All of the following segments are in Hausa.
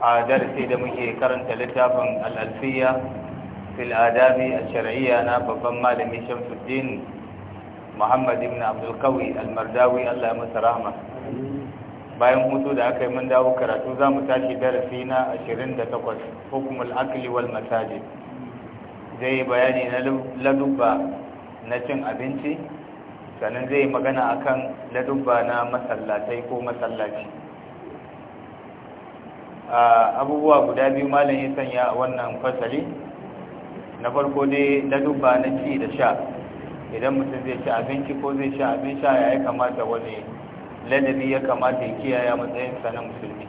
a darasi da muke karanta littafin al'alfiya fil adabi a shari'a na babban malami shamsuddin muhammad ibn abdulkawi almardawi allah masa bayan hutu da aka yi mun dawo karatu za mu tashi darasi na 28 hukumul akli wal masajid zai bayani na ladubba na cin abinci sannan zai magana akan ladubba na masallatai ko masallaci abubuwa guda biyu malam ya sanya a wannan fasali na farko dai na dubba na ci da sha idan mutum zai ci abinci ko zai sha abin sha ya kamata wani ladabi ya kamata ya kiyaye matsayinsa na musulmi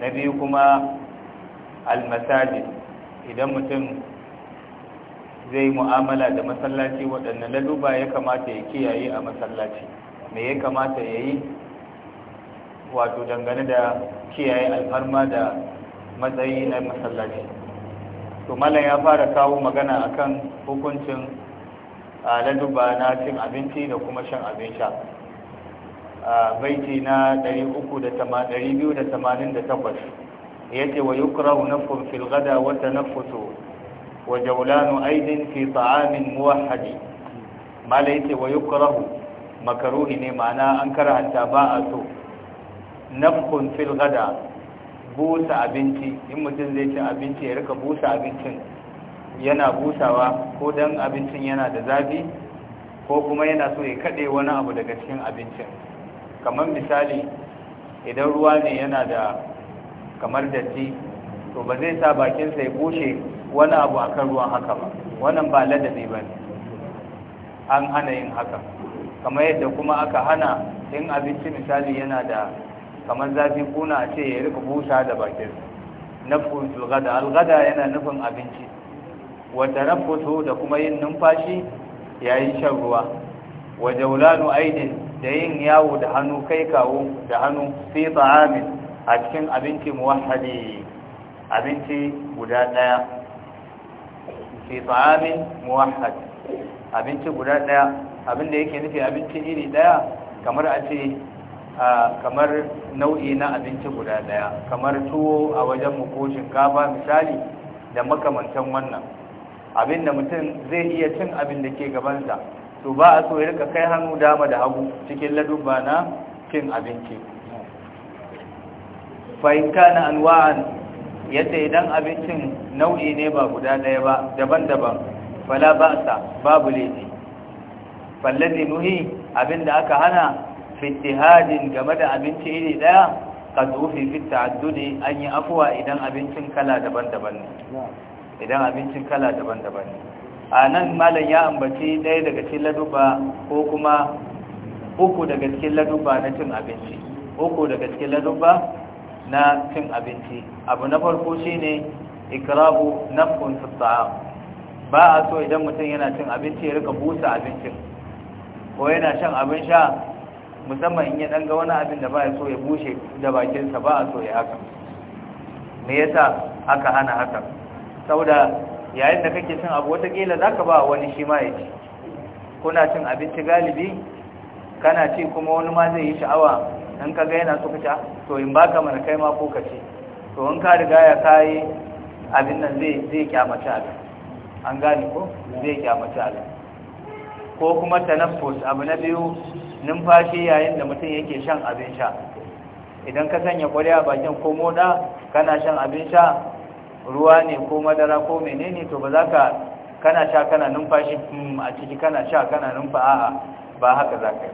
na biyu kuma almasajid idan mutum zai mu'amala da masallaci waɗanne duba ya kamata ya kiyaye a masallaci me ya kamata ya yi wato dangane da kiyaye alfarma da matsayi na masallaci to malam ya fara kawo magana akan hukuncin laduba na cin abinci da kuma shan abin sha baiti na 288 yace wa yukrahu nafsun fil ghada wa tanaffusu wa jawlanu aidin fi ta'amin muwahhadi mala yace wa yukrahu makaruhi ne ma'ana an karanta ba a so nafkun fil gada busa abinci in mutum zai ci abinci ya rika busa abincin yana busawa ko dan abincin yana da zafi ko kuma yana so ya kade wani abu daga cikin abincin kamar misali idan ruwa ne yana da kamar datti to ba zai sa bakinsa ya bushe wani abu akan ruwan haka ba wannan ba ladabi ba ne an hana yin haka kamar yadda kuma aka hana in abinci misali yana da kamar zafi kuna a ce ya rika busa da bakin nafkun filgada algada yana nufin abinci wata rafuto da kuma yin numfashi yayin shan ruwa wa jaulanu aidin da yin yawo da hannu kai kawo da hannu fi ta'amin a cikin abinci muwahhadi abinci guda daya fi ta'amin muwahhad abinci guda daya abinda yake nufi abinci iri daya kamar a ce kamar nau'i na abinci guda daya kamar tuwo a wajen mu ko shinkafa misali da makamantan wannan abin da mutum zai iya cin abin da ke gabansa to ba a so ya rika kai hannu dama da hagu cikin ladubba na cin abinci fahimta na anwa'an yadda idan abincin nau'i ne ba guda daya ba daban-daban fala ba babu laifi fallazi nuhi abin aka hana fittihadin game da abinci iri daya ka tufi fit ta'addudi an yi afuwa idan abincin kala daban-daban ne idan abincin kala daban-daban ne a nan malam ya ambaci ɗaya daga cikin laduba ko kuma uku daga cikin laduba na cin abinci uku daga cikin laduba na cin abinci abu na farko shi ne ikirabu nafkun fi ba a so idan mutum yana cin abinci ya rika busa abincin ko yana shan abin sha musamman in ya dan ga wani abin da ba ya so ya bushe da bakinsa ba a so ya haka me yasa aka hana haka saboda yayin da kake cin abu watakila za ka ba wani shi ma ya ci kuna cin abinci galibi kana ci kuma wani ma zai yi sha'awa in ka ga yana so ka ci ah, to in baka mana kai ma ko ka ci to in ka riga ya kai abin nan zai zai kyamata ka an gane ko zai kyamata ka ko kuma tanaffus abu na biyu numfashi yayin da mutum yake shan abin sha idan ka sanya kwarya bakin ko moda kana shan abin sha ruwa ne ko madara ko menene to ba za ka kana sha kana numfashi hmm, a ciki kana sha kana numfa a'a ba haka za ka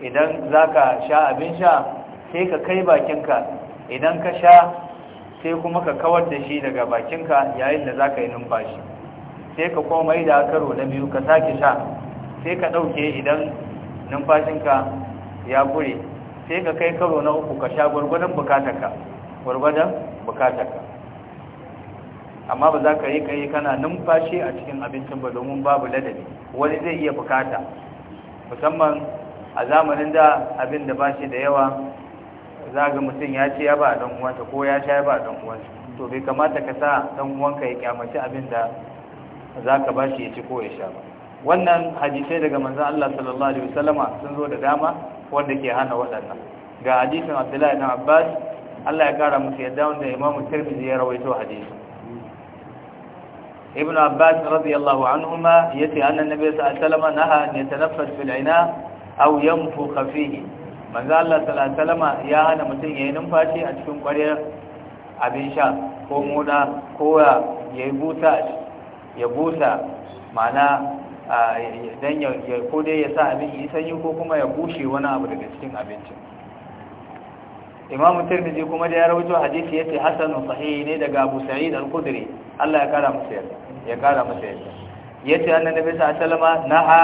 yi idan za ka sha abin sha sai ka kai bakinka idan ka sha sai kuma ka kawar da shi daga bakinka yayin da za ka yi numfashi sai ka mai da karo na biyu ka sake sha sai ka ɗauke idan numfashinka ya gure sai ka kai karo na uku ka sha gwargwadon bukatarka gwargwadon bukatarka amma ba za ka yi kai kana numfashi a cikin abincin ba domin babu ladabi wani zai iya bukata musamman a zamanin da abin da ba shi da yawa za ga mutum ya ce ya ba a ɗan'uwanta ko ya sha ya ba a ɗan'uwanta to bai kamata ka sa ɗan'uwanka ya kyamaci abin da za ka ba shi ya ci ko ya sha ba wannan hadisai daga manzan Allah sallallahu alaihi wasallama sun zo da dama wanda ke hana waɗannan ga hadisin Abdullahi ibn Abbas Allah ya kara musu yadda wanda Imam Tirmidhi ya rawaito hadisi Ibn Abbas radiyallahu anhuma yace annan Nabi sallallahu alaihi wasallama naha an yatanaffas fil ina aw yanfukha fihi manzan Allah sallallahu alaihi wasallama ya hana mutum yayin numfashi a cikin ƙwaryar abin sha ko moda ko ya busa ya busa ma'ana dan ya ko dai ya sa abin yi sanyi ko kuma ya bushe wani abu daga cikin abincin imamun tirmidhi kuma da ya rawaito hadisi ya ce hasanun sahih ne daga Abu Sa'id al-Khudri Allah ya kara masa yadda ya kara masa ce yace annabi sa alaihi na ha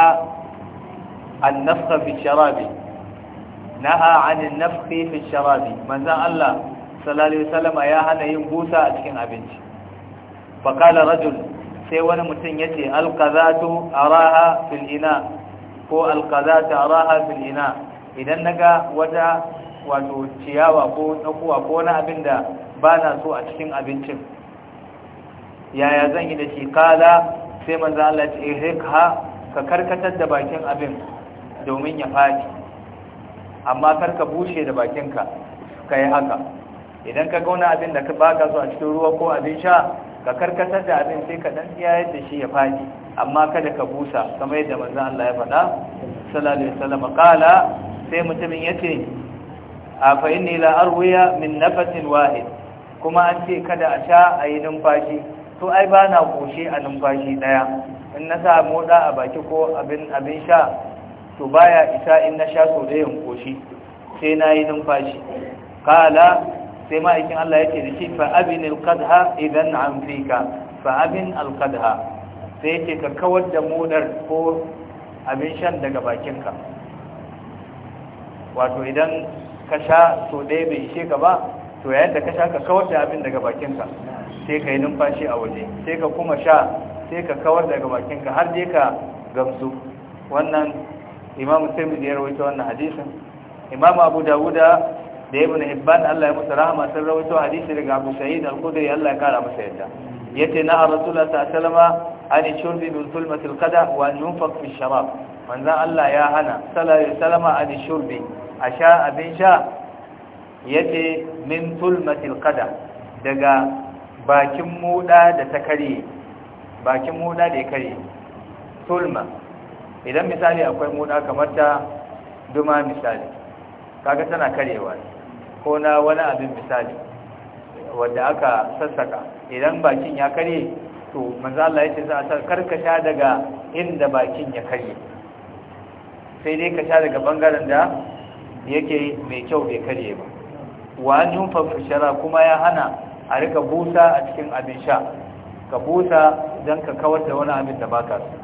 an nafka fi sharabi Na ha an nafka fi sharabi manzan Allah sallallahu alaihi ya hana yin busa a cikin abinci fa rajul sai wani mutum ya ce alkazatu araha raha fil'ina ko alkazatu araha raha fil'ina idan ga wata wato ciyawa ko tsakuwa ko na abin da ba na so a cikin abincin yaya zan yi da shi kala sai maza Allah ya ce ka karkatar da bakin abin domin ya faɗi amma kar bushe da bakinka ka yi haka idan ka gauna abin da ba ka so a cikin ruwa ko abin sha ka karkatar da abin sai ka dan iya yadda shi ya fadi amma kada ka busa kamar yadda manzon Allah ya faɗa sallallahu alaihi wasallam qala sai mutumin yace a fa inni la arwiya min nafasin wahid kuma an ce kada a sha a yi numfashi to ai ba na koshe a numfashi daya in na sa moda a baki ko abin abin sha to baya isa in na sha so da yin koshi sai na yi numfashi kala sai ma'aikin Allah yake da shi fa abin alqadha idan an fika fa abin alqadha sai yake ka kawar da modar ko abin shan daga bakinka wato idan ka sha to ɗaya bai ishe ka ba to yayin da ka sha ka kawar da abin daga bakinka sai ka yi numfashi a waje sai ka kuma sha sai ka kawar daga bakinka har dai ka gamsu wannan imam sai ya rawaito wannan hadisin imam abu dawuda da ibn hibban Allah ya musu rahama sun rawaito hadisi daga Abu Sa'id al-Khudri Allah ya kara masa yadda yace na Rasulullah sallallahu alaihi an shurbi bil zulmati al-qada wa an yunfaq fi sharab manzo Allah ya hana sallallahu alaihi wasallam an shurbi asha abin sha yace min zulmati al-qada daga bakin muda da ta kare bakin muda da ya kare tulma idan misali akwai muda kamar ta duma misali kaga tana karewa ne ko na wani abin misali wanda aka sassaka idan bakin ya karye to manzo Allah ya ce za a karkasha daga inda bakin ya karye sai dai ka sha daga bangaren da yake mai kyau bai karye ba wa an fushara kuma ya hana a rika busa a cikin abin sha ka busa don ka kawar da wani abin da baka su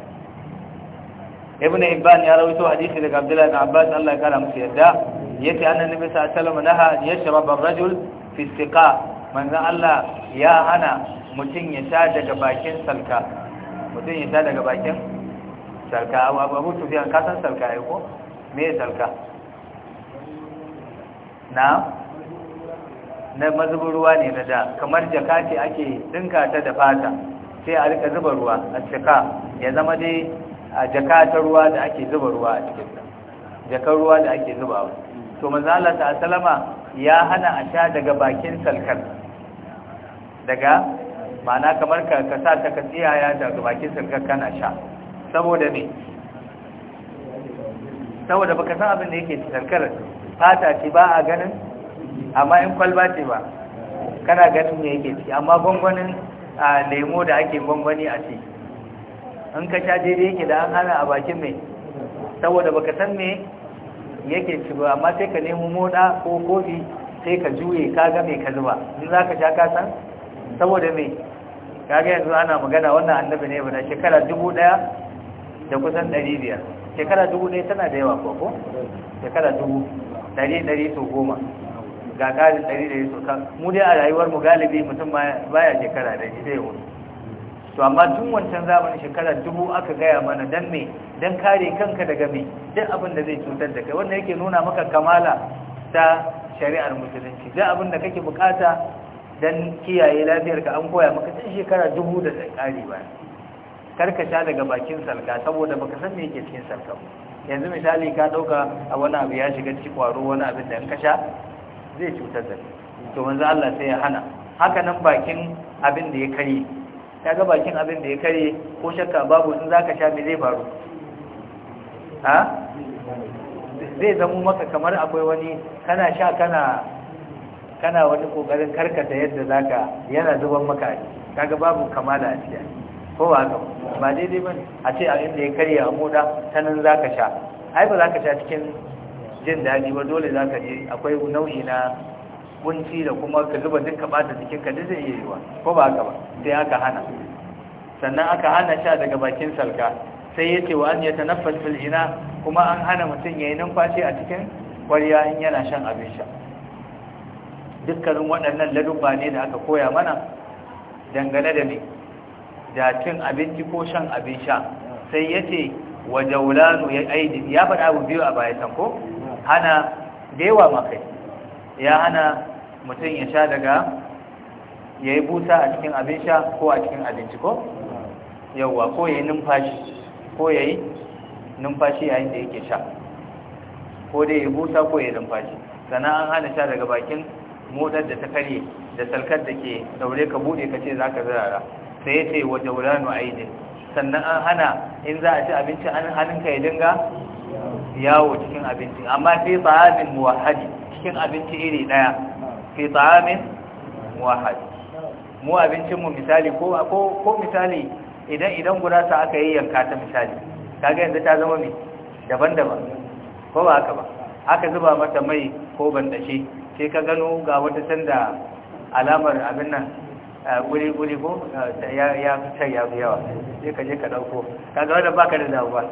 ibn ibban ya rawaito hadisi daga abdullahi na abbas Allah ya kara musu yadda yace annabi nabi sallallahu alaihi wasallam naha yashrab ar-rajul fi istiqa manzo Allah ya hana mutum ya sha daga bakin salka mutum ya sha daga bakin salka abu abu sufiyan ka kasan salka ai ko me salka na na mazubin ruwa ne na da kamar jaka ce ake dinka ta da fata sai a rika zuba ruwa a cika ya zama dai a jaka ta ruwa da ake zuba ruwa a cikin jakar ruwa da ake zubawa to manzala ta salama ya hana a sha daga bakin salkar daga mana kamar ka sa ta kasiya ya daga bakin salkar kana sha saboda ne saboda baka san abin da yake salkar fata ce ba a ganin amma in kwalba ce ba kana ganin ne yake ci amma gwangwanin a lemo da ake gwangwani a ce in ka sha daidai yake da an hana a bakin mai saboda baka san me yake ci ba amma sai ka nemo moda ko kofi sai ka juye ka ga mai ka zuba in za ka sha ka san saboda mai kaga yanzu ana magana wannan annabi ne bana shekara dubu ɗaya da kusan ɗari biyar shekara dubu ɗaya tana da yawa ko shekara dubu ɗari ɗari so goma ga ƙarin ɗari ɗari so kan mu dai a rayuwar mu galibi mutum baya shekara dari zai wuce to amma tun wancan zamanin shekara dubu aka gaya mana dan me dan kare kanka daga me duk abin da zai cutar da kai wannan yake nuna maka kamala ta shari'ar musulunci duk abin da kake bukata dan kiyaye lafiyarka an koya maka tun shekara dubu da tsakari ba ka sha daga bakin salka saboda baka san me yake cikin salka yanzu misali ka dauka a wani abu ya shiga cikin kwaro wani abin da ka sha zai cutar da kai to manzo Allah sai ya hana haka nan bakin abin da ya kare ya ga bakin abin da ya kare ko shakka babu in za ka sha me zai faru ha zai zamo maka kamar akwai wani kana sha kana kana wani kokarin karkata yadda za ka yana zuban maka ga babu kamala a cikin ko ba haka ba daidai ba a ce a inda ya karya a moda ta nan za ka sha ai ba za ka sha cikin jin daɗi ba dole za ka je akwai nau'i na kunci da kuma ka zuba duka bata jikinka duk zai iya yiwa ko ba haka ba sai aka hana sannan aka hana sha daga bakin salka sai ya ce wa an ya tanaffas fil ina kuma an hana mutum ya yi numfashi a cikin kwariya in yana shan abin sha dukkanin waɗannan ladubba ne da aka koya mana dangane da ne da cin abinci ko shan abin sha sai ya ce wa jaulanu ya aidi ya faɗa abu biyu a bayan ko hana da yawa makai ya hana mutum ya sha daga ya yi busa a cikin abin sha ko a cikin abinci ko yauwa ko ya yi numfashi ko ya yi numfashi yayin da yake sha ko dai ya busa ko ya yi numfashi sannan an hana sha daga bakin motar da ta karye da salkar da ke daure ka bude ka ce za ka zirara sai ya ce wa jauranu aidin sannan an hana in za a ci abinci an hannun ka ya dinga yawo cikin abinci amma sai tsarin muwahadi cikin abinci iri daya fi ta'amin wahid mu abincin mu misali ko ko ko misali idan idan guda ta aka yi yanka ta misali kaga yanzu ta zama me daban-daban ko ba haka ba aka zuba mata mai ko bandashi sai ka gano ga wata sanda alamar abin nan guri-guri eh, ko eh, ya fitar ya fi yawa sai ka je ka ɗauko kaga wanda baka da ba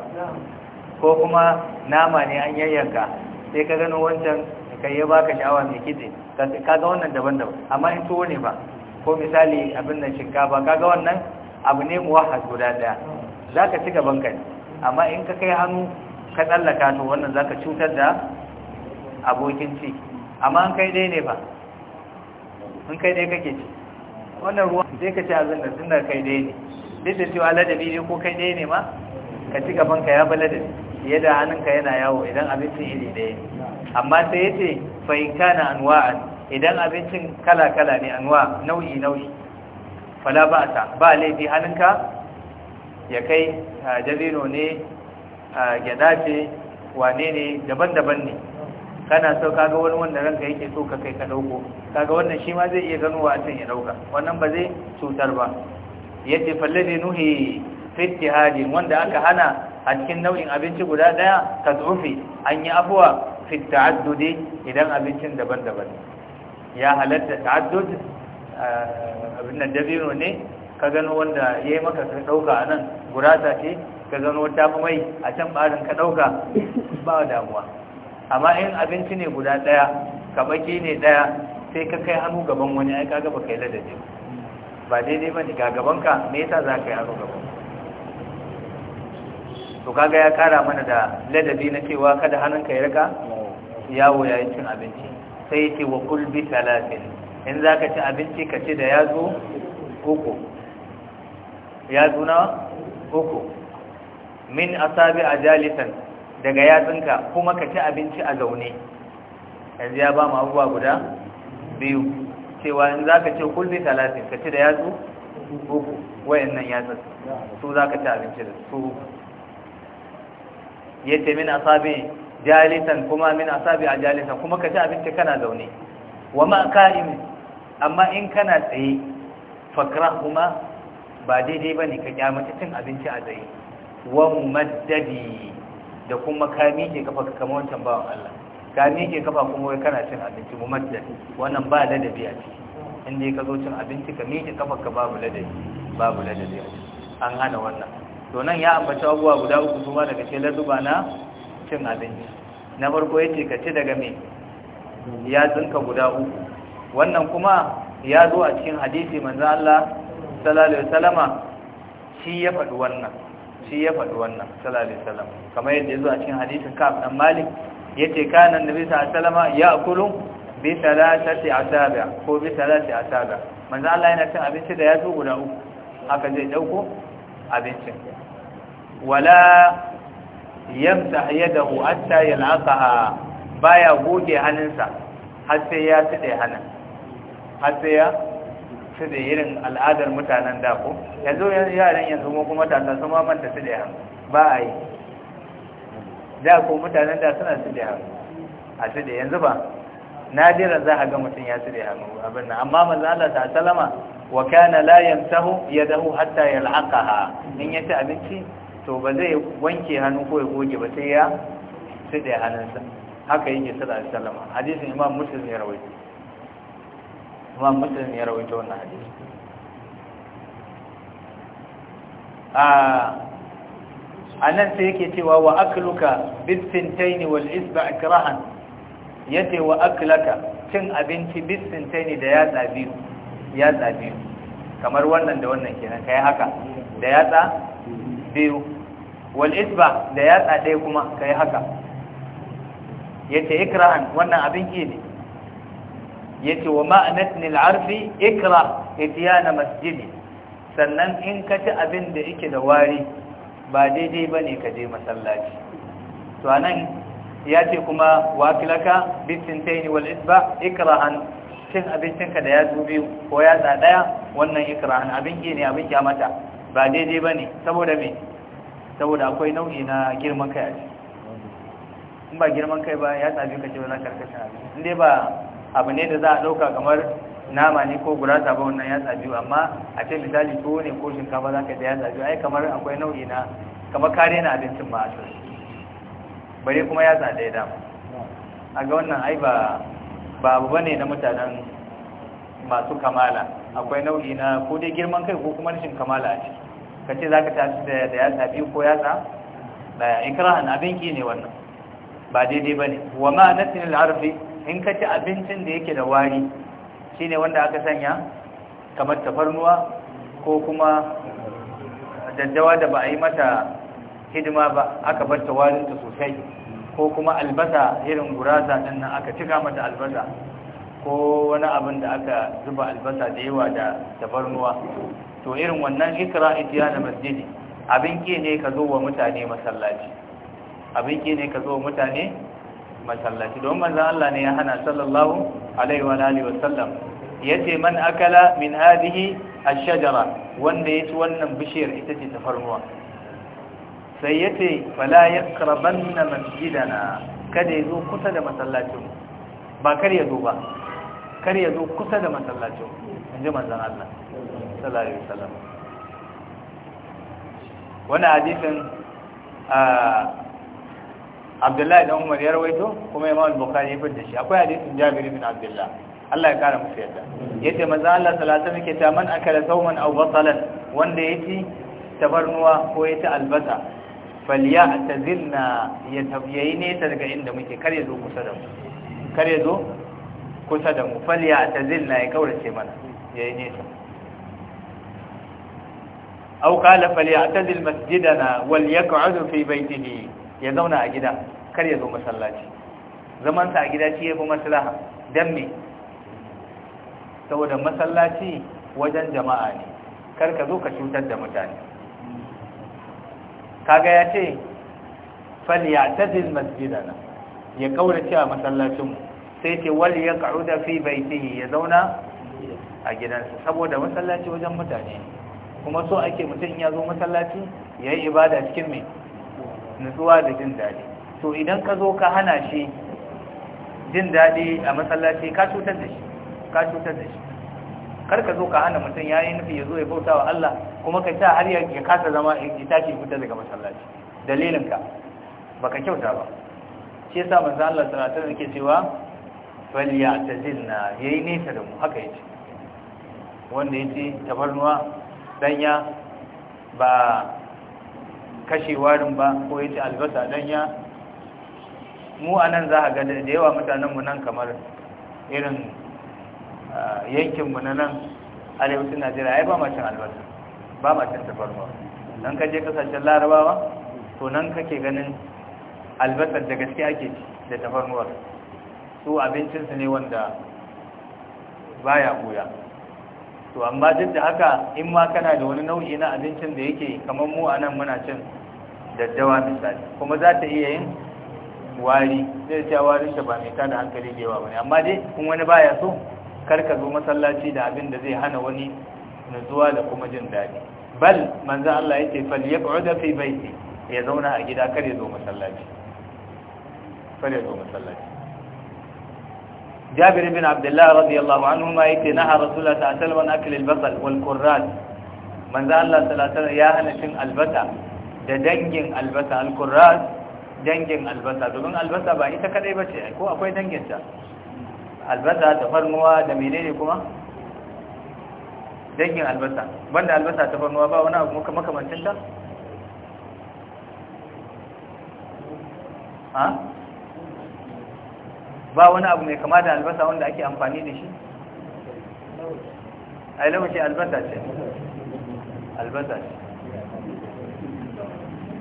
ko kuma nama ne an yayyanka sai ka gano wancan kai ya baka sha'awa mai kitse kaga wannan daban-daban amma in tuwo ne ba ko misali abin nan shinkafa kaga wannan abu ne muwahhad guda daya zaka ci gaban ka amma in ka kai hannu ka tsallaka to wannan zaka cutar da abokin ci amma in kai dai ne ba in kai dai kake ci wannan ruwa sai ka ci abin nan tunda kai dai ne duk da cewa ladabi ne ko kai dai ne ma ka ci gaban ka ya balada fiye da hannunka yana yawo idan abincin iri ɗaya ne amma sai yace fa na kana anwa'an idan abincin kala-kala ne anwa nau'i nau'i fala ta ba laifi halinka ya kai dabino ne gyada ce wane ne daban-daban ne kana so kaga wani wanda ranka yake so ka kai ka dauko kaga wannan shi ma zai iya gano wa can ya dauka wannan ba zai cutar ba yace ne nuhi fitti hadin wanda aka hana a cikin nau'in abinci guda daya tad'ufi an yi afuwa fi ta'addudi idan abincin daban-daban ya halatta ta'addud eh, abin nan dabino ne ka gano wanda yayi maka ka dauka anan gurata ce ka gano ta mai a can barin ka dauka ba damuwa amma in abinci ne guda daya kabaki ne daya sai ka kai hannu gaban wani ai kaga baka yi ladabi ba daidai ba ne ga gabanka me yasa za ka yi hannu gaban to kaga ya kara mana da ladabi na cewa kada hannun ka yarka. yawo yayin cin abinci sai ke wa kulbi talatin in ka ci abinci ka ci da yazo uku yazo na uku min asabi jalisan daga yatsinka kuma ka ci abinci a zaune yanzu ya ba mu abubuwa guda biyu cewa in za ka ce kulbi talatin ka ci da yazo uku wayannan yatsin su za ka ci abinci da su ya ce min asabi jalisan kuma min asabi a jalisan kuma ka ci abinci kana zaune wa ma ka'im amma in kana tsaye fakra kuma ba daidai bane ka kyamata cin abinci a tsaye wa madadi da kuma ka miƙe kafa ka kama wancan bawan Allah ka miƙe kafa kuma wai kana cin abinci madadi wannan ba ladabi a ciki inda ka zo cin abinci ka miƙe kafa ka babu ladabi babu ladabi a an hana wannan to nan ya ambaci abubuwa guda uku kuma daga ce ladubana na cin abinci na farko ya ce ka ci daga mai yatsunka guda uku wannan kuma ya zo a cikin hadisi manzan Allah salalai salama shi ya faɗi wannan shi ya faɗi wannan salalai salama kamar yadda ya zo a cikin hadisin kaf ɗan malik ya ce nan da bisa salama ya kulun bi a asabiya ko bi talati asabiya manzan Allah yana cin abinci da ya zo guda uku haka zai ɗauko abincin wala yamsa yadahu hatta yalqaha baya goge hannunsa har sai ya tsade hannun har sai ya tsade irin al'adar mutanen da ko yanzu yaran yanzu mu kuma ta san ma manta tsade hannu ba a yi da ko mutanen da suna tsade hannu a tsade yanzu ba nadira za a ga mutum ya tsade hannu abin nan amma manzo Allah ta salama wa kana la yamsahu yadahu hatta yal'aqaha in yace abinci to ba zai wanke hannu ko ya goge ba sai ya tsida hannunsa haka yake sallallahu alaihi wasallam hadisin imam muslim ya rawaito imam muslim ya rawaito wannan hadisi a nan sai yake cewa wa akluka bisintaini wal isba ya ce wa aklaka cin abinci bisintaini da ya tsabi ya tsabi kamar wannan da wannan kenan kai haka da yatsa biyu wal isba da yatsa ɗaya kuma ka haka yace ikra'an wannan abin ke ne yace wa ma'anatni al-arfi ikra itiyana masjidi sannan in ka ci abin da yake da wari ba daidai bane ka je masallaci to anan yace kuma wakilaka bisintaini wal isba ikra'an cin abincinka da zo biyu ko yatsa ɗaya wannan ikra'an abin ki ne abin kyamata ba daidai ba ne saboda me saboda akwai nau'i na girman kai a ce in ba girman kai ba ya tsabi ka wani karkashin abinci in dai ba abu ne da za a ɗauka kamar nama ne ko gurasa ba wannan ya tsabi amma a ce misali tuwo ne ko shinkafa za ka da ya tsabi ai kamar akwai nau'i na kamar kare na abincin ba a ce bare kuma ya tsaɗa ya dama a ga wannan ai ba abu ba ne na mutanen masu kamala akwai nau'i na ko dai girman kai ko kuma rashin kamala a ciki ka ce za ka da yatsa biyu ko yatsa daya ikrahan abin ki ne wannan ba daidai ba ne wa ma nasin al'arfi in ka ci abincin da yake da wari shi ne wanda aka sanya kamar tafarnuwa ko kuma daddawa da ba a yi mata hidima ba aka barta warinta sosai ko kuma albasa irin gurasa din nan aka cika mata albasa ko wani abin da aka zuba albasa da yawa da tafarnuwa to irin wannan ikra itiyana masjidi abin ke ne ka zo wa mutane masallaci abin ke ne ka zo wa mutane masallaci don manzan Allah ne ya hana sallallahu alaihi wa alihi wasallam ce man akala min hadhihi ash-shajara wanda yace wannan bishiyar ita ce tafarnuwa sai yace fala yaqrabanna masjidana kada yazo kusa da masallacin ba kar yazo ba kar yazo kusa da masallacin inji manzon Allah sallallahu alaihi wasallam wannan hadisin Abdullahi da Umar ya rawaito kuma Imam Bukhari ya fitar shi akwai hadisin Jabir ibn Abdullah Allah ya kara musu yadda yace manzo Allah sallallahu alaihi wasallam yake ta man akala sawman aw batalan wanda yaci tabarnuwa ko ci albasa falyatazilna ya tabiyi ne ta daga inda muke ya zo kusa da mu ya zo kusa da mu falyatazilna ya kaurace mana yayi nesa aw qala falyatazil masjidana wal yaq'ud fi baytihi ya zauna a gida kar ya zo masallaci zaman sa a gida shi yafi maslaha dan me saboda masallaci wajen jama'a ne kar ka zo ka cutar da mutane kaga ya ce falyatazil masjidana ya kaurace a masallacin sai ce wal yaq'ud fi baytihi ya zauna a gidansa saboda masallaci wajen mutane ne kuma so ake mutum ya zo masallaci ya yi ibada cikin mai nutsuwa da jin daɗi to idan ka zo ka hana shi jin daɗi a masallaci ka cutar da shi ka cutar da shi kar ka zo ka hana mutum ya yi nufi ya zo ya bauta wa Allah kuma ka sa har ya kasa zama ya tashi fita daga masallaci dalilinka baka kyauta ba shi yasa manzo Allah sallallahu alaihi yake cewa falyatazilna yayi nesa da mu haka yace wanda yace tabarnuwa danya ba kashe warin ba ko yace albasa danya mu anan za a ga da yawa mutanenmu nan kamar irin yankinmu na nan arewacin najeriya ai ba macin albasa ba macin tafarnuwa nan ka je kasashen larabawa to nan kake ganin albasar da gaske ake ci da tafarnuwar su abincinsu ne wanda baya buya to amma duk da haka in ma kana da wani nau'i na abincin da yake kamar mu a nan muna cin daddawa misali kuma za ta iya yin wari zai ce wari shi ba mai da hankali da yawa bane amma dai kun wani baya so kar ka zo masallaci da abin da zai hana wani nutsuwa da kuma jin daɗi bal manzo Allah yake fal yaq'ud fi baiti ya zauna a gida kar ya zo masallaci kar ya zo masallaci jabir bin abdullah radiyallahu anhu ma yace naha rasulullah sallallahu alaihi wasallam akil al-basal wal qurrat manzo Allah sallallahu alaihi ya hana cin albasa da dangin albasa al-qurrat dangin albasa domin albasa ba ita kadai bace ko akwai dangin ta albasa ta farnuwa da menene kuma dangin albasa banda albasa ta farnuwa ba wani abu makamancin ta ha ba wani abu mai kama da albasa wanda ake amfani da shi a ilama ce albasa ce albasa ce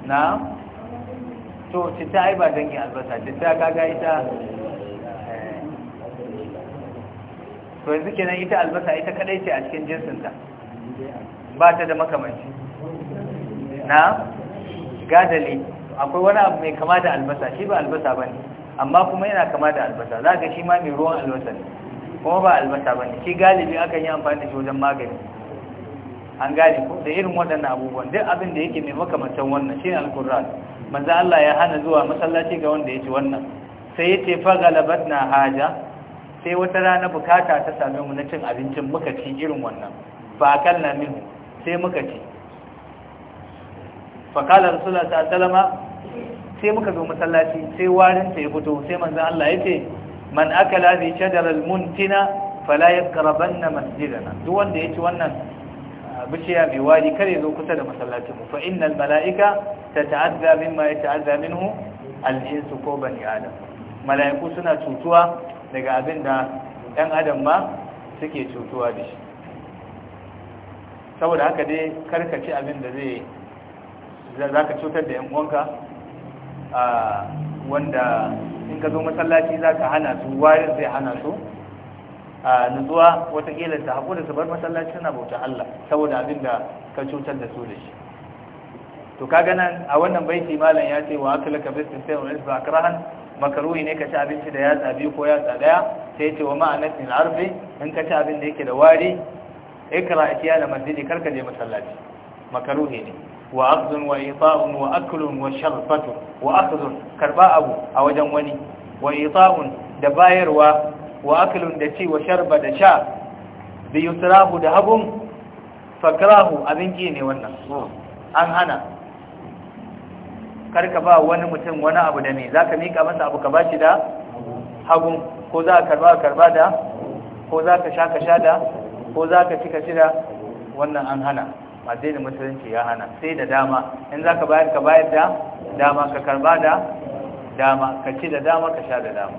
na to citta ai ba dangin albasa citta kaga ita eh, to yanzu kenan ita albasa ita kadai ce a cikin jinsinta ba ta da makamanci na gadali akwai wani abu mai kama da albasa shi ba albasa ba ne amma kuma yana kama da albasa za ka shi ma mai ruwan albasa ne kuma ba albasa ba ne shi galibi akan yi amfani da shi wajen magani an gane ko da irin waɗannan abubuwan duk abin da yake mai makamancin wannan shi alkurran alkur'an manzo Allah ya hana zuwa masallaci ga wanda yake wannan sai yace fa galabatna haja sai wata rana bukata ta same mu na cin abincin muka ci irin wannan fa kallamin sai muka ci fa qala rasulullahi sallallahu alaihi wasallam sai muka zo masallaci sai warin ta ya fito sai manzon Allah ce man akala bi shajaral muntina fala yaqrabanna masjidana duk wanda ya ci wannan ah, bishiya mai wari kar ya zo kusa da masallacin mu fa innal malaika tata'adda mimma yata'adda minhu al-insu ko bani adam malaiku suna cutuwa daga abin da ɗan adam ma suke cutuwa da shi saboda haka dai karkaci abin da zai zaka cutar da 'yan uwanka wanda in ka zo masallaci za ka hana su wayar zai hana su a nutsuwa watakila ta haƙura da bar masallaci suna bauta Allah saboda abin da ka cutar da su da shi to ka gana a wannan baiti malam ya ce wa akala ka bisin sai wani a akrahan makaruhi ne ka ci abinci da yatsa biyu ko yatsa daya sai ya ce wa ma'anatin arfi in ka ci abin da yake da wari ikra atiya da masjidi ka je masallaci makaruhi ne wa abdun wa ifa'un wa aklun wa sharfatun wa akhdun karba abu a wajen wani wa ifa'un da bayarwa wa aklun da ci wa sharba da sha bi yusrahu da habun fakrahu abin ki ne wannan an hana karka ba wani mutum wani abu da ne za ka miƙa masa abu ka ba shi da hagun ko za ka karba karba da ko za ka sha ka sha da ko za ka ci ka ci da wannan an hana addinin musulunci ya hana sai da dama in za ka bayar ka bayar da dama ka karba da dama ka ci da dama ka sha da dama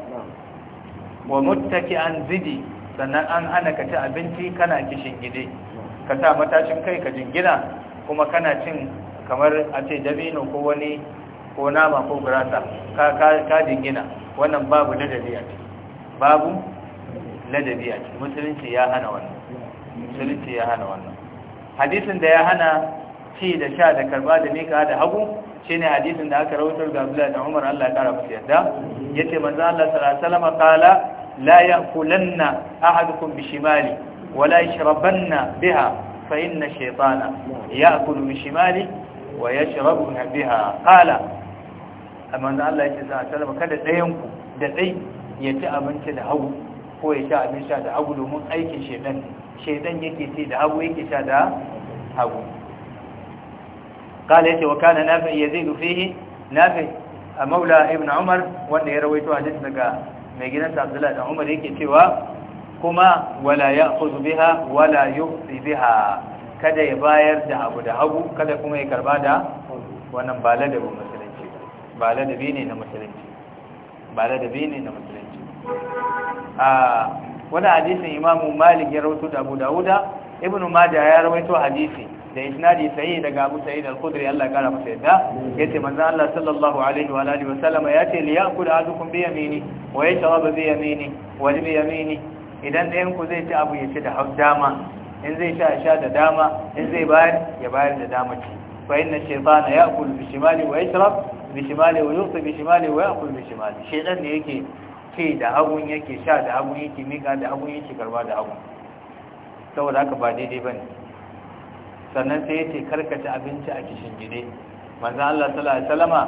wa muttaki an zidi sannan an hana ka ci abinci kana kishin gide ka sa matashin kai ka jingina kuma kana cin kamar a ce dabino ko wani ko nama ko gurasa ka jingina wannan babu ladabi a ce babu ladabi a ce musulunci ya hana wannan musulunci ya hana wannan hadisin da ya hana ci da sha da karba da mika da hagu shine hadisin da aka rawaito ga Abdullah da Umar Allah ya kara musu yarda yace manzo Allah sallallahu alaihi wasallam qala la yaqulanna ahadukum bishimali wala yashrabanna biha fa inna shaytana ya'kulu bishimali wa yashrabu biha qala manzo Allah yace sallallahu alaihi kada dayan ku da dai ya ci abinci da hagu ko ya sha abin sha da hagu domin aikin shaidan shaidan yake ce da hagu yake sha da hagu قال يتي وكان نافع يزيد فيه نافع مولى ابن عمر wanda ya rawaito hadis daga mai gidansa Abdullah da Umar yake cewa kuma wala ya'khudhu biha wala yufi biha kada ya bayar da abu da hagu kada kuma ya karba da wannan ba ladabi musulunci ba ne na musulunci ba ne na musulunci wani hadisin imamu malik ya rautu da abu dawuda ibn majah ya rawaito hadisi da isnadi sahih daga abu sa'id al-khudri Allah ya kara masa yadda yace manzo Allah sallallahu alaihi wa alihi wa sallama yace li ya'kul ahadukum bi yamini wa yashrab bi yamini wa bi yamini idan ɗayan ku zai ci abu ya ci da dama in zai sha sha da dama in zai bayar ya bayar da dama ce fa inna shaytana ya'kul bi shimali wa yashrab bi shimali wa yu'ti bi shimali wa ya'kul bi shimali shaytan ne yake ke da hagun yake sha da hagun yake miƙa da hagun yake karba da hagun saboda haka ba daidai ba ne sannan sai ya ce karkace abinci a kishin gine. manzan Allah sallallahu salama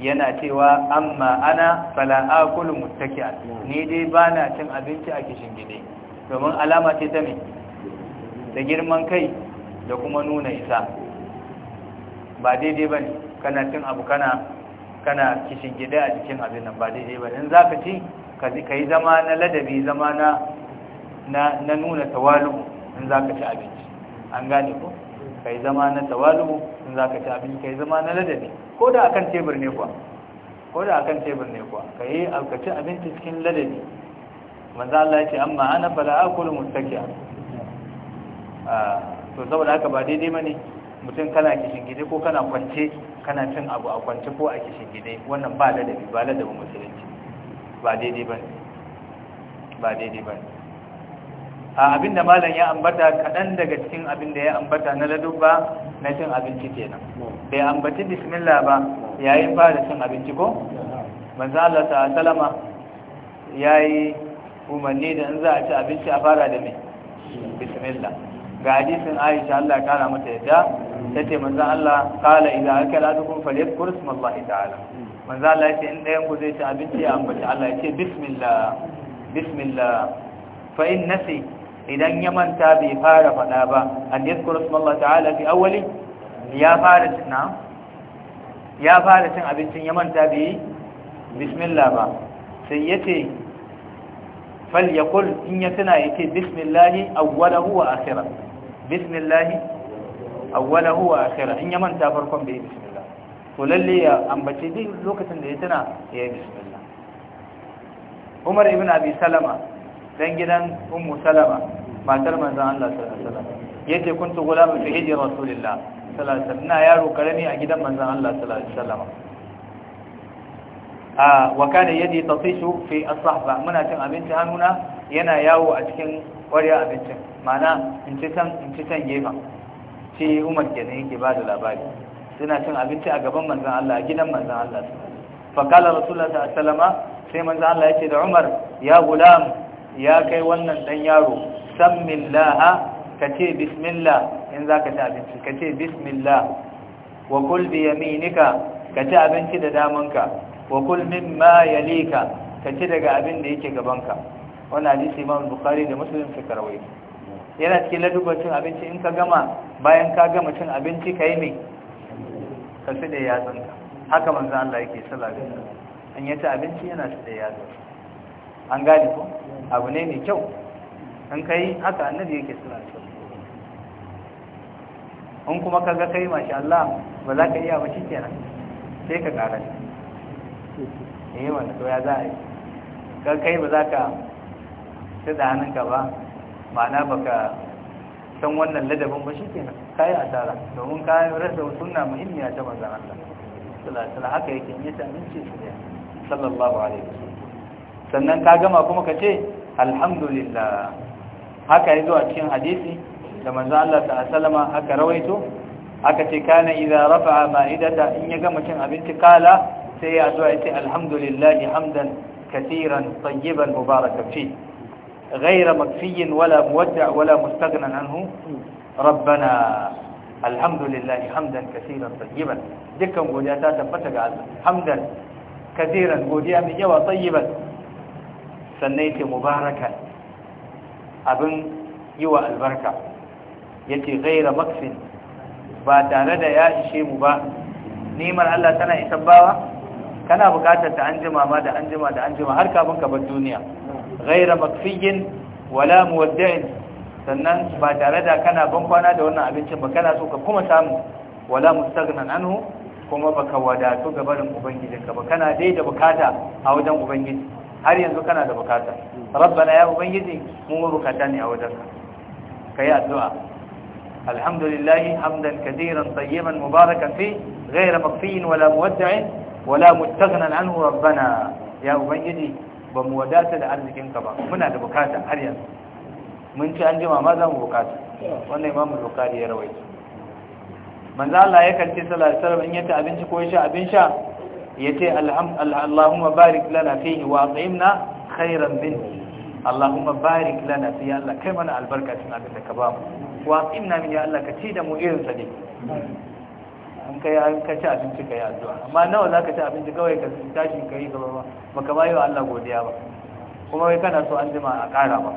yana cewa amma ana fala'a kulun mutakiya ni dai ba na cin abinci a kishin gine. domin alama ce ta mai da girman kai da kuma nuna isa ba daidai ba ne kana cin abu kana kana kishin gida a cikin abin nan ba daidai ba in zaka ci ka yi zama na ladabi zama na na nuna tawalu in zaka ci abinci an gane ko ka yi zama na tawalu in zaka ci abinci ka yi zama na ladabi ko da akan tebur ne kuwa ko da akan tebur ne kuwa ka yi alkaci abinci cikin ladabi manzo Allah ya ce amma ana fala akulu mustaqiya ah, to saboda haka ba daidai bane mutum kana kishin gida ko kana kwance kana cin abu a kwanci ko a kishin gida wannan ba ladabi ba da musulunci ba daidai ba ba daidai ba a abinda malam ya ambata kaɗan daga cikin abinda ya ambata na ladubba na cin abinci kenan bai ambaci bismillah ba yayin ba da cin abinci ko manzo Allah ta salama yayi umarni da in za a ci abinci a fara da me bismillah ga hadisin Aisha Allah ya kara mata yadda tace manzo Allah kala idza akala dukum falyadhkur ismallahi ta'ala manzo Allah yace in dayan ku zai ci abinci ya ambaci Allah ya ce bismillah bismillah fa in nasi idan ya manta bai fara faɗa ba an yadhkur ismallahi ta'ala fi awali. ya fara tunna ya fara cin abincin ya manta bai yi. bismillah ba sai yace falyakul in ya tuna yace bismillah awwalahu wa akhirah bismillah awwalahu wa akhirah in ya manta farkon bai bismillah to lalle ya ambace duk lokacin da ya tana ya yi bismillah Umar ibn Abi Salama dan gidan Ummu Salama matar manzon Allah sallallahu alaihi wasallam yace kuntu gulamun fi hijri rasulillah sallallahu alaihi wasallam yaro karami a gidan manzon Allah sallallahu alaihi wasallam a wa kana yadi tatishu fi as-sahba muna cin abinci hannuna yana yawo a cikin ƙwarya abincin ma'ana in ci can in ci can gefa sai Umar kenan yake ba da labari suna cin abinci a gaban manzan Allah a gidan manzan Allah su faƙala rasulullah ta asalama sai manzan Allah yake da Umar ya gulam ya kai wannan dan yaro ka kace bismillah in zaka ci abinci kace bismillah wa kul bi yaminika kaci abinci da damanka wa kul mimma yalika ci daga abin da yake gabanka wannan hadisi Imam Bukhari da Muslim suka rawaito yana cikin ladubar cin abinci in ka gama bayan ka gama cin abinci ka yi mai ka su da yatsunka haka manzan Allah yake salabinsa in ya ci abinci yana su da yatsunsa an gane ko abu ne mai kyau in ka yi haka annabi yake salabinsa in kuma ka ga kai mashi Allah ba za ka iya ba shi kenan sai ka ƙara shi yi eh, wanda to ya za a yi ka kai ba za ka ta da hannunka ba ma'ana baka san wannan ladabin ba shi kenan kayi asara domin kayi rasa sunna muhimmiya ta manzon Allah sallallahu alaihi haka yake in ya tamince shi ne sallallahu alaihi sannan ka gama kuma ka ce alhamdulillah haka yi zuwa cikin hadisi da manzon Allah ta sallama haka rawaito aka ce kana idza rafa ma'idata in ya gama cin abinci kala sai ya zo ya ce alhamdulillah hamdan katiran tayyiban mubarakan fi غير مكفي ولا مودع ولا مستغنى عنه ربنا الحمد لله حمدا كثيرا طيبا دكان godiya ta tabbata ga Allah hamdan kathiran godiya mai yawa tayyiban sannan yake mubaraka abin yiwa albarka yace ghaira makfin ba tare da ya ishe mu ba nimar Allah tana isa bawa kana bukatar ta anjima da anjima da anjima har kafin ka bar duniya ghaira makfiyin wala muwadda'in sannan ba tare da kana ban kwana da wannan abincin ba kana so ka kuma samu wala mustaghnan anhu kuma baka wadatu gabarin ubangijinka ba kana dai da bukata a wajen ubangiji har yanzu kana da bukata rabbana ya ubangiji mu bukata ne a wajen ka kai addu'a alhamdulillah hamdan katiran tayyiban mubarakan fi ghayra maqfiin wala muwaddi'in wala mustaghnan anhu rabbana ya ubangiji ba mu wadata da arzikinka ba muna da bukata har yanzu mun ci an jima ma za mu bukata wannan imamu bukari ya rawaito manzo Allah ya kace sallallahu alaihi wasallam in yata abinci ko ya abin sha yace Allahumma barik lana fihi wa at'imna khairan min Allahumma barik lana fi Allah kai mana albarka albarkacin abin da ka ba mu wa at'imna min ya Allah ka ci da mu irin sa ne an kai an kaci abinci ka yi addu'a amma nawa zaka ci abinci kawai ka tashi kai yi gaba ba ka bayo Allah godiya ba kuma wai kana so an jima a ƙara ba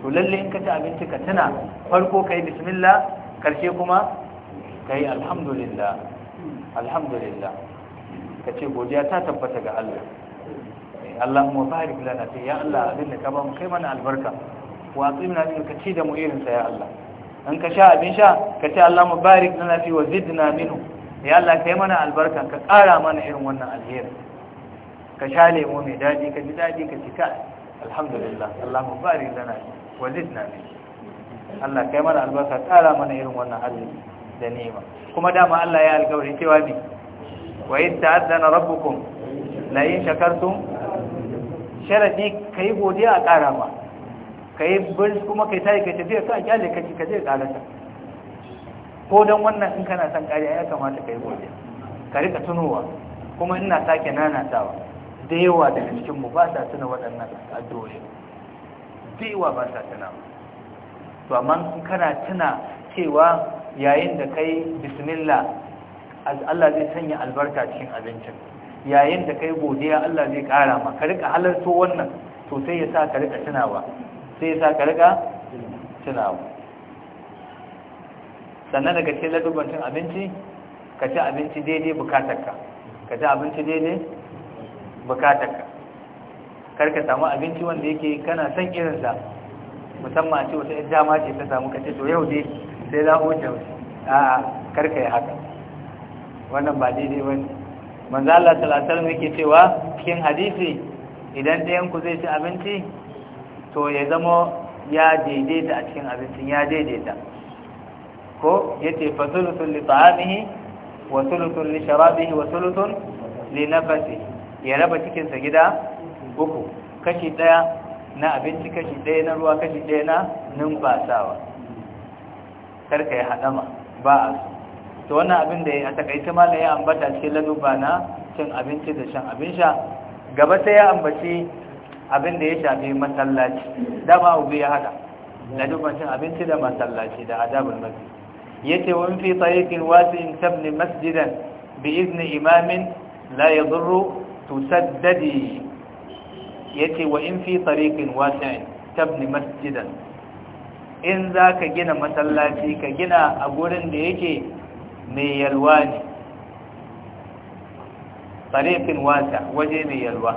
to lalle in ka ci abinci ka tana farko kai bismillah karshe kuma ka yi alhamdulillah alhamdulillah ka ce godiya ta tabbata ga Allah Allahumma barik lana ya Allah abin da ka ba mu kai mana albarka wa aqimna min ka ci da mu irin sa ya Allah in ka sha abin sha ka ce Allah mubarik lana fi wa zidna minhu ya Allah kai mana albarka ka ƙara mana irin wannan alheri ka sha lemo mai daɗi ka ji daɗi ka ci ka alhamdulillah Allah mubarik lana wa zidna minhu Allah kai mana albarka ƙara mana irin wannan arziki da ni'ima kuma dama Allah ya alƙawari cewa ne wa in ta'azzana rabbukum la in shakartum sharadi kai godiya a ƙara ma kai bin kuma kai tayi kai tafiya ka kyale kake ka je karasa ko dan wannan in kana son kariya ya kamata kai gode. ka rika tunowa kuma ina sake nanatawa da yawa daga cikin mu ba sa tuna waɗannan addu'o'i da yawa ba sa tuna to amma in kana tuna cewa yayin da kai bismillah Allah zai sanya albarka cikin abincin yayin da kai godiya Allah zai kara ma ka rika halarto wannan to sai ya sa ka rika tunawa sai sa ka riga tunawa sannan daga cikin ladubban cin abinci ka ci abinci daidai bukatarka ka ci abinci daidai bukatarka kar ka samu abinci wanda yake kana son irinsa musamman ce wata yadda dama ce ta samu ka ce to yau dai sai za ku wuce a kar ka yi haka wannan ba daidai ba ne manzo Allah sallallahu alaihi wasallam yake cewa cikin hadisi idan ɗayan ku zai ci abinci to ya zama ya daidaita a cikin abincin ya daidaita ko ya ce fa li ta'amihi wa sulutun li sharabihi wa sulutun li nafasi ya raba cikinsa gida uku kashi daya na abinci kashi daya na ruwa kashi daya na numfasawa karka ya haɗama ba a su to wannan abin da ya a takaice ma ya ambata cikin laluba na cin abinci da shan abin sha gaba sai ya ambaci Abinda ya shafi masallaci dama ubi ya hada na dukkan cin abinci da masallaci da adabul Ya ce wa fi tariqin in tabni masjidan bi izini imamin la yadurru tusaddadi Ya ce wa in fi tariqin in tabni masjidan in za ka gina masallaci ka gina a gurin da yake mai yalwa ne tariqin wasa waje mai yalwa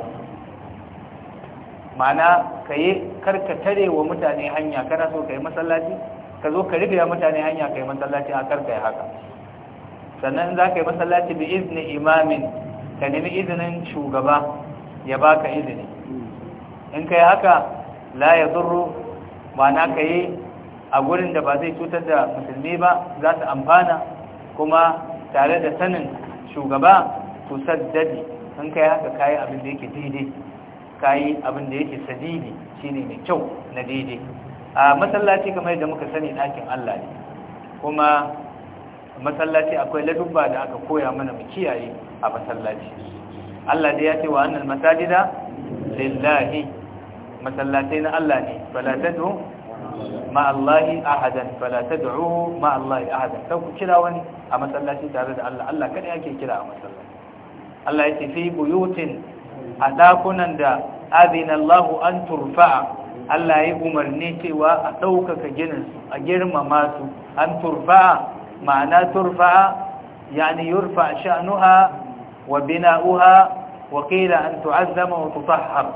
ma'ana ka yi karka tare wa mutane hanya kana so ka yi masallaci ka zo ka rufe mutane hanya ka yi masallaci a karka yi haka sannan za ka yi masallaci bi izini imamin ka nemi izinin shugaba ya ba ka izini in ka yi haka la ya zurru ma'ana ka yi a gurin da ba zai cutar da musulmi ba za su amfana kuma tare da sanin shugaba su sadadi in ka yi haka kayi abin da yake daidai kayi abin da yake sadidi shine mai kyau na daidai a masallaci kamar yadda muka sani ɗakin Allah ne kuma masallaci akwai ladubba da aka koya mana mu kiyaye a masallaci Allah da ya ce wa annal masajida lillahi masallatai na Allah ne fala tad'u ma Allahi ahadan fala tad'u ma Allahi ahadan sai ku kira wani a masallaci tare da Allah Allah kada yake kira a masallaci Allah ya ce fi buyutin a ɗakunan da azinallahu an turfa'a Allah ya umarni cewa a ɗaukaka ginin a girmama su an turfa'a ma'ana turfa'a yani yurfa sha'nuha wa bina'uha wa qila an tu'azzama wa tutahhar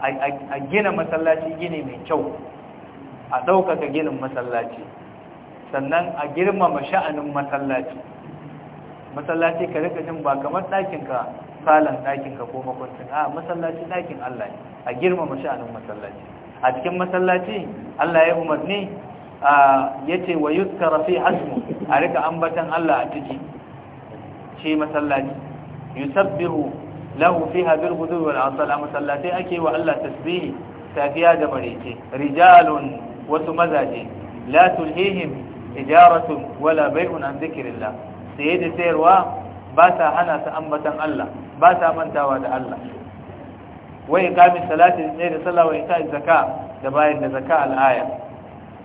a gina masallaci gini mai kyau a ɗaukaka ginin masallaci sannan a girmama sha'anin masallaci masallaci ka rika jin ba kamar ɗakinka salan ɗakin ka ko makwancin a masallaci ɗakin Allah ne a girmama sha'anin masallaci a cikin masallaci Allah ya umarni ya ce wa yuzkara fi hasmu a rika ambatan Allah a ciki ce masallaci yusabbihu lahu fiha bil ghudwi wal asal masallaci ake wa Allah tasbihi safiya da marece rijalun wasu mazaje la tulhihim ijaratun wala bai'un an dhikrillah sai da sayarwa ba sa hana su ambatan Allah ba sa mantawa da Allah wai kamin salati ne da sallah wai ta zakka da bayan da zakka al'aya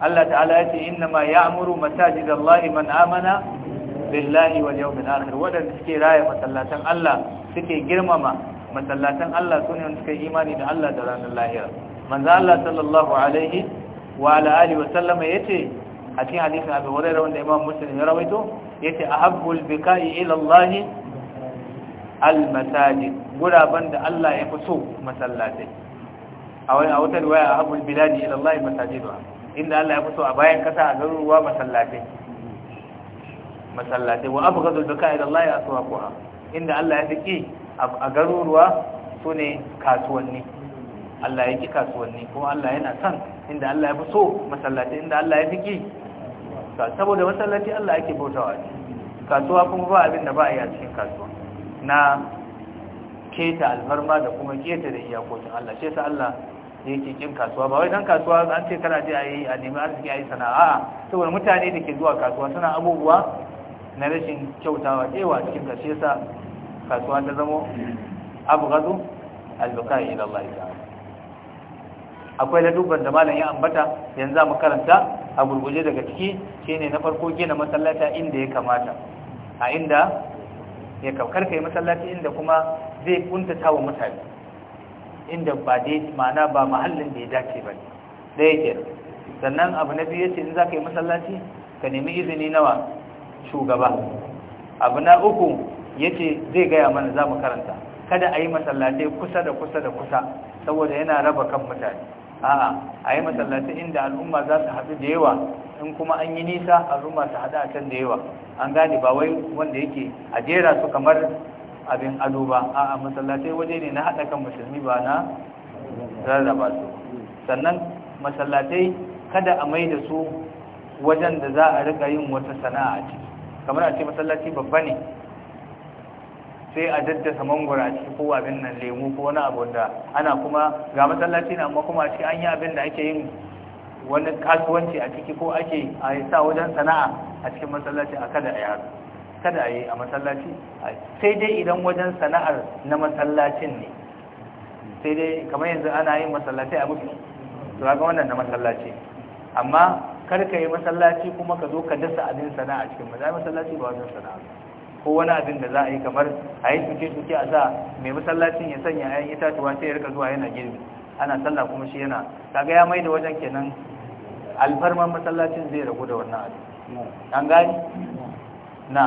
Allah ta'ala yace inna ma ya'muru masajid Allah man amana billahi wal yawmil akhir wadanda suke raya masallatan Allah suke girmama masallatan Allah sune wanda suke imani da Allah da ranar lahira manzo Allah sallallahu alaihi wa ala alihi wa sallama yace a cikin hadisin Abu Hurairah wanda Imam Muslim ya rawaito yace ahabbul bika'i ila Allah al-masajid guraban da Allah ya fi so masallatai a wani a wata riwaya ahabbul biladi ila Allah masajid inda Allah ya fi so a bayan kasa a garuruwa masallatai masallatai wa abghadul bika'i ila Allah aswaquha inda Allah ya fi ki a garuruwa sune kasuwanni Allah ya ki kasuwanni kuma Allah yana son inda Allah ya fi so masallatai inda Allah ya fi ki kasuwa saboda masallaci Allah ake bautawa kasuwa kuma ba abin da ba a yi a cikin kasuwa na keta alfarma da kuma keta da iyakokin Allah shi yasa Allah yake kin kasuwa ba wai dan kasuwa an ce kana je a yi a nemi arziki a yi sana'a saboda mutane da ke zuwa kasuwa suna abubuwa na rashin kyautawa ewa cikin ka shi yasa kasuwa ta zamo abu al albuka ila Allah ta'ala akwai ladubban da malam ya ambata yanzu mu karanta a gurguje daga ciki shine na farko gina masallata inda ya kamata a inda ya kaukar kai masallaci inda kuma zai kuntata wa mutane inda ba dai ma'ana ba mahallin da ya dace ba da yake sannan abu na biyu yace in za ka yi masallaci ka nemi izini nawa shugaba abu na uku yace zai gaya mana za mu karanta kada a yi masallaci kusa da kusa da kusa saboda yana raba kan mutane a'a a yi masallaci inda al'umma za su haɗu da yawa in kuma an yi nisa al'umma su haɗu a can da yawa an gane ba wai wanda yake a jera su kamar abin ado ba a'a masallatai waje ne na haɗa kan musulmi ba na rarraba su sannan masallatai kada a mai da su wajen da za a riƙa yin wata sana'a ciki kamar a ce masallaci babba ne sai a daddasa mangwara ciki ko abin nan lemu ko wani abu da ana kuma ga masallaci na amma kuma ce an yi abin da ake yin wani kasuwanci a ciki ko ake a sa wajen sana'a a cikin masallaci a kada a yi kada a yi a masallaci sai dai idan wajen sana'ar na masallacin ne sai dai kamar yanzu ana yin masallaci a mutu to ga wannan na masallaci amma kar ka yi masallaci kuma ka zo ka dasa abin sana'a cikin masallaci ba wajen sana'a ko wani abin da za a yi kamar a yi tuke-tuke a sa mai masallacin ya sanya ayan itatuwa sai ya rika zuwa yana girbi ana sallah kuma shi yana kaga ya mai da wajen kenan alfarman masallacin zai ragu da wannan abin an gani na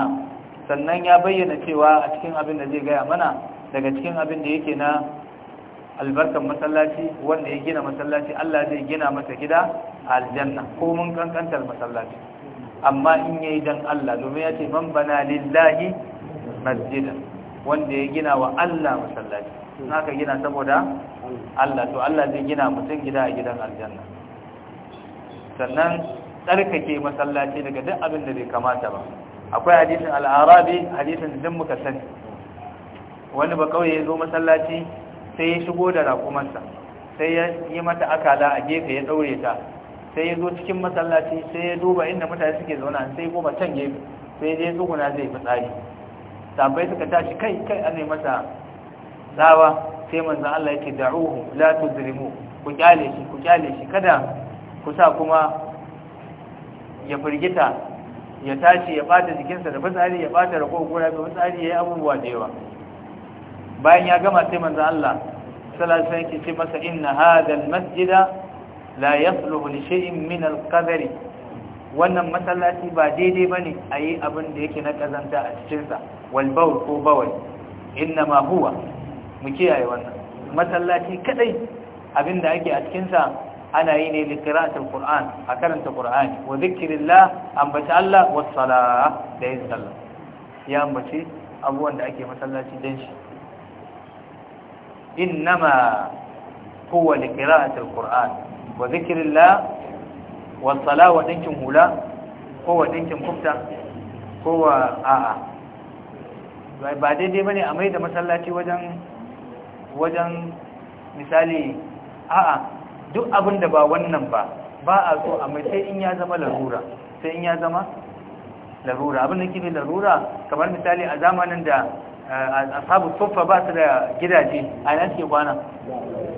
sannan ya bayyana cewa a cikin abin da zai gaya mana daga cikin abin da yake na albarkan masallaci wanda ya gina masallaci Allah zai gina masa gida aljanna ko mun kankantar masallaci amma in yayi dan Allah domin ya ce man bana lillahi masjidan wanda ya gina wa Allah masallaci naka gina saboda Allah to Allah zai gina mutum gida a gidan aljanna sannan tsarkake masallaci daga duk abin da bai kamata ba akwai hadisin al'arabi hadisin da muka sani wani ba kawai ya zo masallaci sai ya shigo da rakumansa sai ya yi mata akala a gefe ya daure ta sai ya zo cikin masallaci sai ya duba inda mutane suke zauna sai ya goma can gefe sai ya tsuguna zai fitsari sabai suka tashi kai kai an masa tsawa sai manzan Allah yake da'uhu la tuzrimu ku kyale shi ku kyale shi kada ku sa kuma ya firgita ya tashi ya bata jikinsa da fitsari ya bata rako gora da fitsari yi abubuwa da yawa bayan ya gama sai manzan Allah sallallahu alaihi wasallam ce masa inna hadal masjida la yasluhu li shay'in min al-qadari wannan masallaci ba daidai bane ayi abin da yake na kazanta a cikin sa wal bawl ko bawl inma huwa mu kiyaye wannan masallaci kadai Abinda ake a cikin sa ana yi ne liqira'atul qur'an a karanta qur'ani wa zikrillah ambata Allah was salah da yin sallah ya ambaci abubuwan da ake masallaci dan shi innama huwa liqira'atul qur'an wa zikirillah wa sala wa dinkin hula ko wa dinkin kufta ko wa a'a ba daidai bane a mai da masallaci wajen wajen misali a'a duk abin da ba wannan ba ba a so a mai sai in ya zama larura sai in ya zama larura abin da ke larura kamar misali a zamanin da eh, ashabu tuffa ba su da gidaje a nan kwana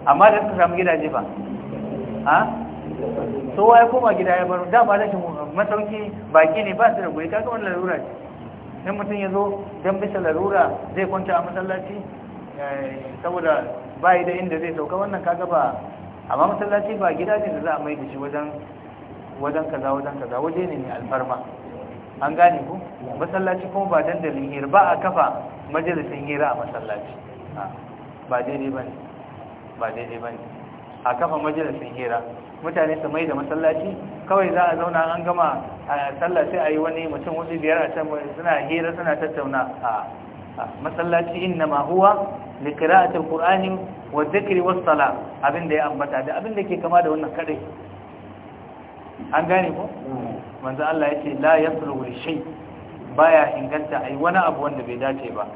amma da su samu gidaje ba a kowa ya koma gida ya baro da rashin masauki baki ne ba su da goyi kaga wani larura ce in mutum ya zo don bisa larura zai kwanta a masallaci eh, saboda ba da inda zai sauka wannan kaga ba amma masallaci ba gida ne da za a mai da shi wajen wajen kaza wajen kaza waje ne ne alfarma an gane ku masallaci kuma ba dandalin hira ba a kafa majalisin hira a masallaci ba daidai ba ne ba daidai ba ne a kafa majalisin hira mutane su mai da masallaci kawai za a zauna an gama a sallah sai a yi wani mutum hudu biyar a can suna hira suna tattauna a masallaci inna da kira a can alqur'ani wa zikiri wasu sala abinda ya ambata da abinda ke kama da wannan kadai an gane ko manzo Allah ya ce la yasluhu li shay baya inganta ai wani abu wanda bai dace ba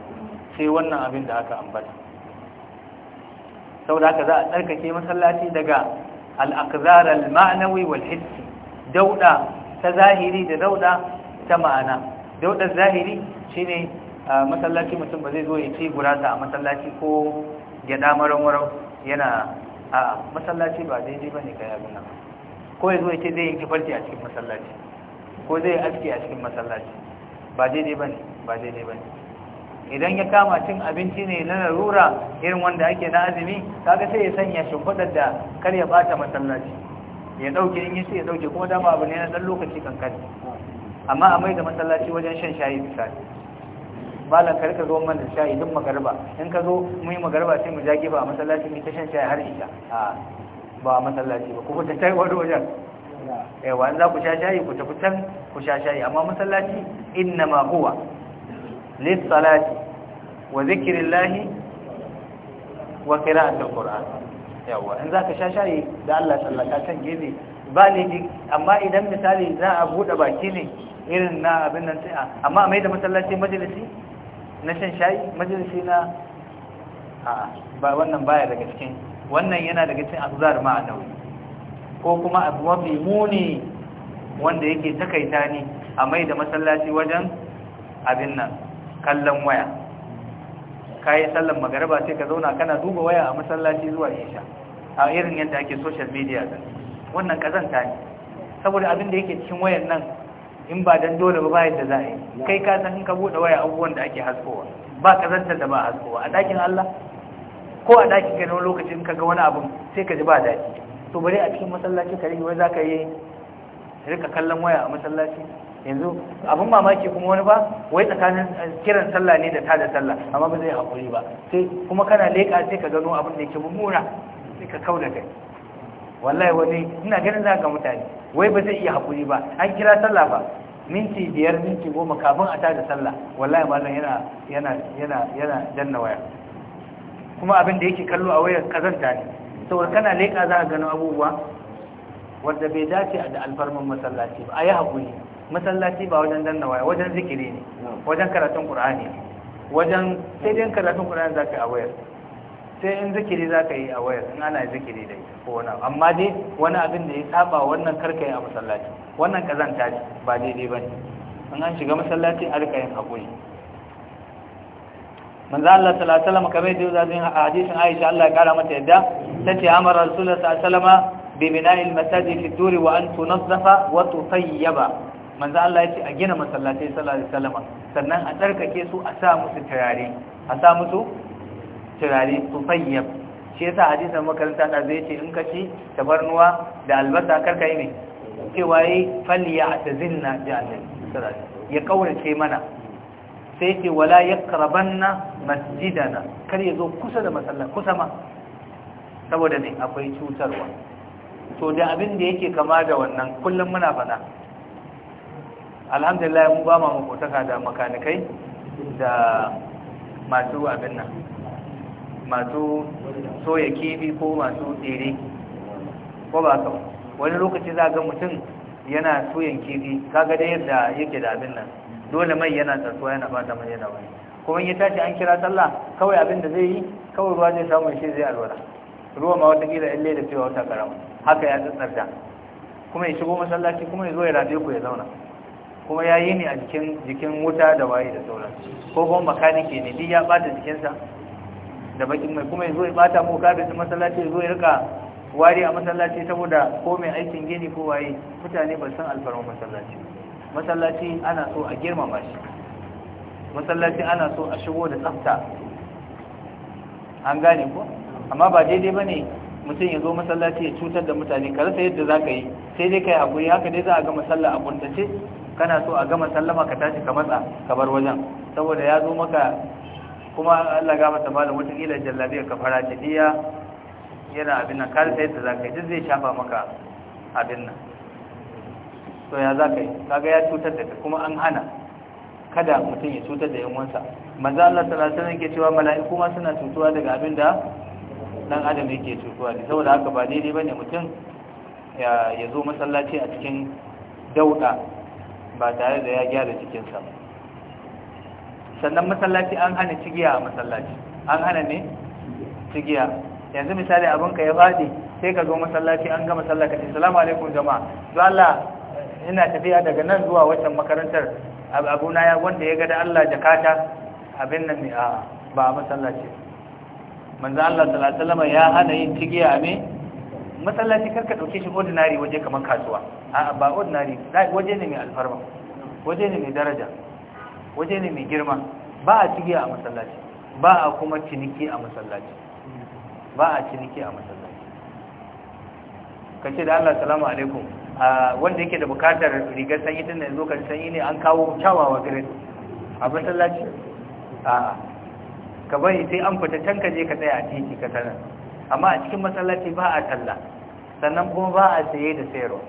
sai wannan abin da aka ambata saboda haka za a tsarkake masallaci daga al'akzar aqdar al-ma'nawi wal hissi dauda ta zahiri da dauda ta ma'ana daudar zahiri shine masallaci mutum ba zai zo ya ci gurasa a masallaci ko gyada maran yana a masallaci ba daidai bane ga yaguna ko ya zo ya ce zai yi kifarci a cikin masallaci ko zai aski a cikin masallaci ba daidai bane ba daidai bane idan ya kama cin abinci ne na larura irin wanda ake na azumi kaga sai ya sanya shimfiɗar da kar ya bata masallaci ya dauke in yace ya dauke kuma dama abu ne na dan lokaci kankan amma a mai da masallaci wajen shan shayi misali malam kar ka zo man da shayi duk magarba in ka zo mu yi magarba sai mu ja gefe a masallaci mu ta shan shayi har isha ba a masallaci ba ku fita tai wani wajen yawa in za ku sha shayi ku tafi can ku sha shayi amma masallaci inna ma huwa للصلاة وذكر الله وقراءة القرآن yawa in zaka sha shayi da Allah sallaka can gefe ba ne amma idan misali za a bude baki ne irin na abin nan sai amma a mai da masallaci majalisi na shan shayi majalisi na a ba wannan baya daga cikin wannan yana daga cikin azhar ma'anawi ko kuma abu mafi muni wanda yake takaita ne a mai da masallaci wajen abin nan kallon waya kayi sallan magaraba sai ka zauna kana duba waya a masallaci zuwa isha a irin yadda ake social media da wannan kazanta ne saboda abin da yake cikin wayan nan in ba dan dole ba bayan da za a yi kai ka san in ka bude waya abubuwan da ake haskowa ba kazantar da ba haskowa a dakin Allah ko a dakin ka lokacin ka ga wani abu sai ka ji ba daɗi to bari a cikin masallaci ka rike wai za ka yi rika kallon waya a masallaci yanzu abin mamaki kuma wani ba wai tsakanin eh, kiran sallah ne da ta da sallah amma ba zai haƙuri ba sai kuma kana leƙa sai ka gano abin da yake mummuna sai ka kauna kai wallahi wani ina ganin za ga mutane wai ba zai iya haƙuri ba an kira sallah ba minti biyar minti goma kafin a tada sallah wallahi malam yana yana yana yana danna waya kuma abin da yake kallo a wayar kazanta ne saboda kana leƙa za ka gano abubuwa wanda bai dace da alfarman masallaci ba a yi haƙuri masallaci ba wajen danna waya wajen zikiri ne wajen karatun qur'ani wajen sai dai karatun qur'ani yi a wayar sai in zikiri za ka yi a wayar in ana zikiri dai ko wani amma dai wani abin da ya saba wannan karkai a masallaci wannan kazanta ce ba daidai ne in an shiga masallaci a rika yin hakuri manzo Allah sallallahu alaihi wasallam kamar yadda a hadisin Aisha Allah ya kara mata yadda tace amara rasulullahi sallallahu alaihi wasallam bi bina'il masajid fi turi wa an tunazzafa wa tutayyaba manzo Allah ya ce a gina masallatai sallallahu alaihi wasallama sannan a tsarkake su a sa musu turare a sa musu turare tufayyab shi yasa hadisin makaranta da zai ce in ka ci tabarnuwa da albasa karka yi ne ke waye falliya ta zinna ji annabi ya kaurace mana sai ce wala yaqrabanna masjidana kar ya zo kusa da masallaci kusa ma saboda ne akwai cutarwa to da abin da yake kama da wannan kullum muna fada alhamdulillah mun ba mu kotaka da makanikai da masu abin nan masu soya kifi ko masu tsere ko ba ka wani lokaci za ga mutum yana soyan kifi kaga da yadda yake da abin nan dole mai yana tsarsuwa yana da mai yana wani kuma ya tashi an kira sallah kawai abin da zai yi kawai ruwa zai samu shi zai alwala ruwa ma kila ille da cewa wata karama haka ya tsatsar da kuma ya shigo masallaci kuma ya zo ya rabe ku ya zauna kuma ya yi ne a jikin wuta da waye da sauran ko kuma makaniki ne ya bata jikinsa da bakin mai kuma yanzu ya bata mu da masallaci zo ya rika wari a masallaci saboda ko mai aikin gini ko waye mutane ba san alfarma masallaci masallaci ana so a girmama shi masallaci ana so a shigo da tsafta an gane ko amma ba daidai ba ne mutum ya zo masallaci ya cutar da mutane ka rasa yadda za ka yi sai dai ka yi haƙuri haka dai za a ga masalla a buntace kana so a gama sallama ka tashi ka matsa ka bar wajen saboda ya zo maka kuma Allah ga mata malam wata kila jallabiya ka fara ta yana abin nan kar sai ta zaka duk zai shafa maka abin nan to ya zaka yi kaga ya cutar da ka kuma an hana kada mutum ya cutar da yan wansa manzo Allah sallallahu alaihi wasallam cewa mala'iku ma suna cutuwa daga abin da dan adam yake cutuwa saboda haka ba daidai bane mutum ya zo masallaci a cikin dauda ba tare da ya gyara jikinsa sannan masallaci an hana cigiya a masallaci an hana ne cigiya yanzu misali abinka ya faɗi sai ka zo masallaci an gama sallah ka ce salamu alaikum jama'a zuwa Allah ina tafiya daga nan zuwa wancan makarantar abuna ya wanda ya gada da Allah jakata abin nan ne a ba a masallaci manzo Allah sallallahu alaihi ya hana yin cigiya a me masallaci karka dauke shi ordinary waje kamar kasuwa a'a ba ordinary waje ne mai alfarma waje ne mai daraja waje ne mai girma ba a cigiya a masallaci ba a kuma ciniki a masallaci ba a ciniki a masallaci kace da Allah salamu alaikum wanda yake da bukatar rigar sanyi tun da yanzu kan sanyi ne an kawo kyawawa gare a masallaci a'a ka bari sai an fita can ka je ka tsaya a titi ka sanar amma a cikin masallaci ba a talla sannan kuma ba a saye da sayarwa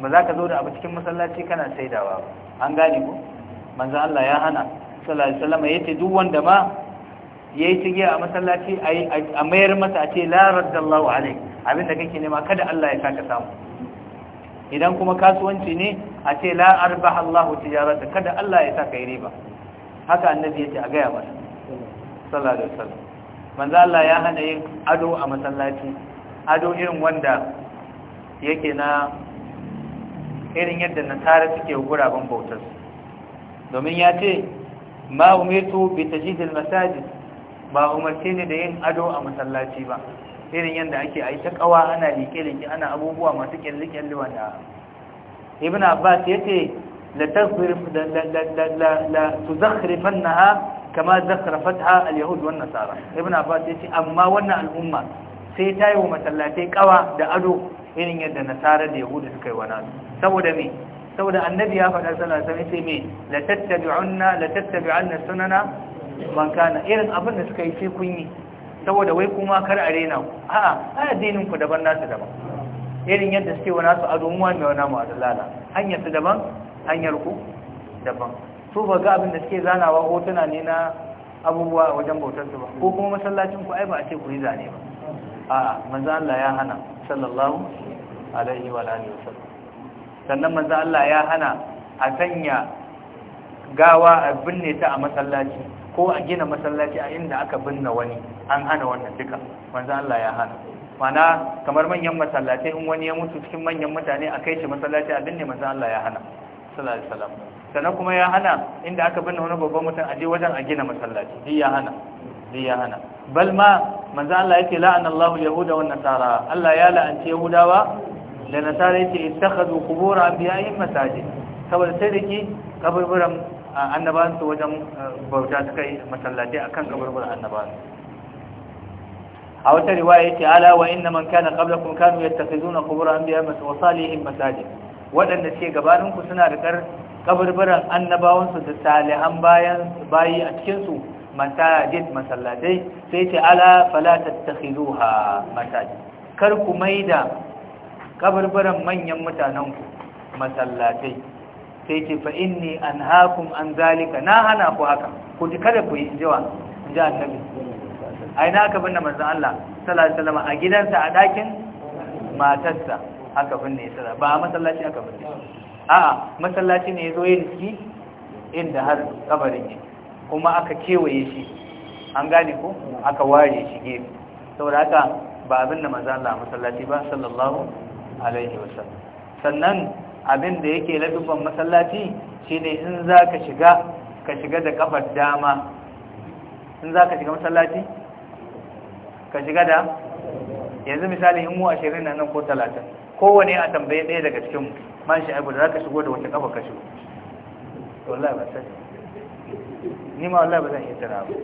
ba za ka zo da abu cikin masallaci kana saidawa ba an gane ku manzo Allah ya hana sallallahu alaihi wasallam yace duk wanda ma yayi tigiya a masallaci a mayar masa a ce la raddallahu alaik abinda kake nema kada Allah ya saka samu idan kuma kasuwanci ne a ce la arbaha Allahu tijarata kada Allah ya saka yi riba haka annabi yace a ga ya masa sallallahu alaihi wasallam manzo Allah ya hana yin ado a masallaci ado irin wanda yake na irin yadda nasara suke guraben bautar domin ya ce ma umetu bi tajdidil masajid ba umarce ne da yin ado a masallaci ba irin yadda ake a ta kawa ana liƙe-liƙe ana abubuwa masu kyalli kyalli wanda ibn abbas ya ce la la la tuzakhrifanha kama zakara fatha al-yahud wan nasara ibn abbas yace amma wannan al'umma sai ta yi wa masallatai kawa da ado irin yadda nasara da yahudu suka yi wa nasu saboda me saboda annabi ya faɗa sallallahu alaihi wasallam sai me la tattabi'unna la tattabi'anna sunana man kana irin abin da suka yi sai kun yi saboda wai kuma kar a rena ku a'a ai addinin ku daban nasu daban irin yadda suke wa nasu ado mu mai wani mu azalala hanyar su daban hanyar ku daban so ba ga abin da suke zanawa hotuna ne na abubuwa wajen bautar su ba ko kuma masallacin ku ai ba a ce ku yi zane ba a manzo Allah ya hana sallallahu alaihi wa alihi wasallam sannan manzo Allah ya hana a sanya gawa a binne ta a masallaci ko a gina masallaci a inda aka binne wani an hana wannan duka manzo Allah ya hana mana kamar manyan masallatai in wani ya mutu cikin manyan mutane a kai shi masallaci a binne manzo Allah ya hana sallallahu alaihi wasallam sannan kuma ya hana inda aka binne wani babban mutum aje wajen a gina masallaci shi ya hana shi ya hana bal ma manzo Allah yake la'ana Allah yahuda wa nasara Allah ya la'anci yahudawa da nasara yake ittakhadhu qubur anbiya'ihim masajid saboda sai dake kaburburan annabawan su wajen bauta suka yi masallaci akan kaburburan annabawan a wata riwaya yake ala wa inna man kana qablakum kanu yattakhizuna qubur anbiya'ihim wasalihim masajid waɗanda ce gabaninku suna da kaburburan annabawansu da salihan bayan bayi a cikinsu masajid masallatai sai ce ala fala tattakhiduha masajid kar ku maida kaburburan manyan mutanenku masallatai sai ce fa inni anhaakum an zalika na hana ku haka ku ji kada ku yi jiwa ji annabi ai na aka binne manzon Allah sallallahu alaihi wasallam a gidansa a dakin matarsa aka ya tsara ba a masallaci aka binne a'a masallaci ne ya zo yin ki inda har kabarin yake kuma aka kewaye shi an gane ko aka ware shi gefe saboda haka ba abin da maza Allah masallaci ba sallallahu alaihi wasallam sannan abin da yake ladubban masallaci shine in za shiga ka shiga da kafar dama in za shiga masallaci ka shiga da yanzu misali in mu ashirin nan ko talatin kowane a tambaye ɗaya daga cikin manshi shi aibu da za ka shigo da wata ƙafa ka shigo wallahi ba sai ni ma wallahi ba zan iya tara ba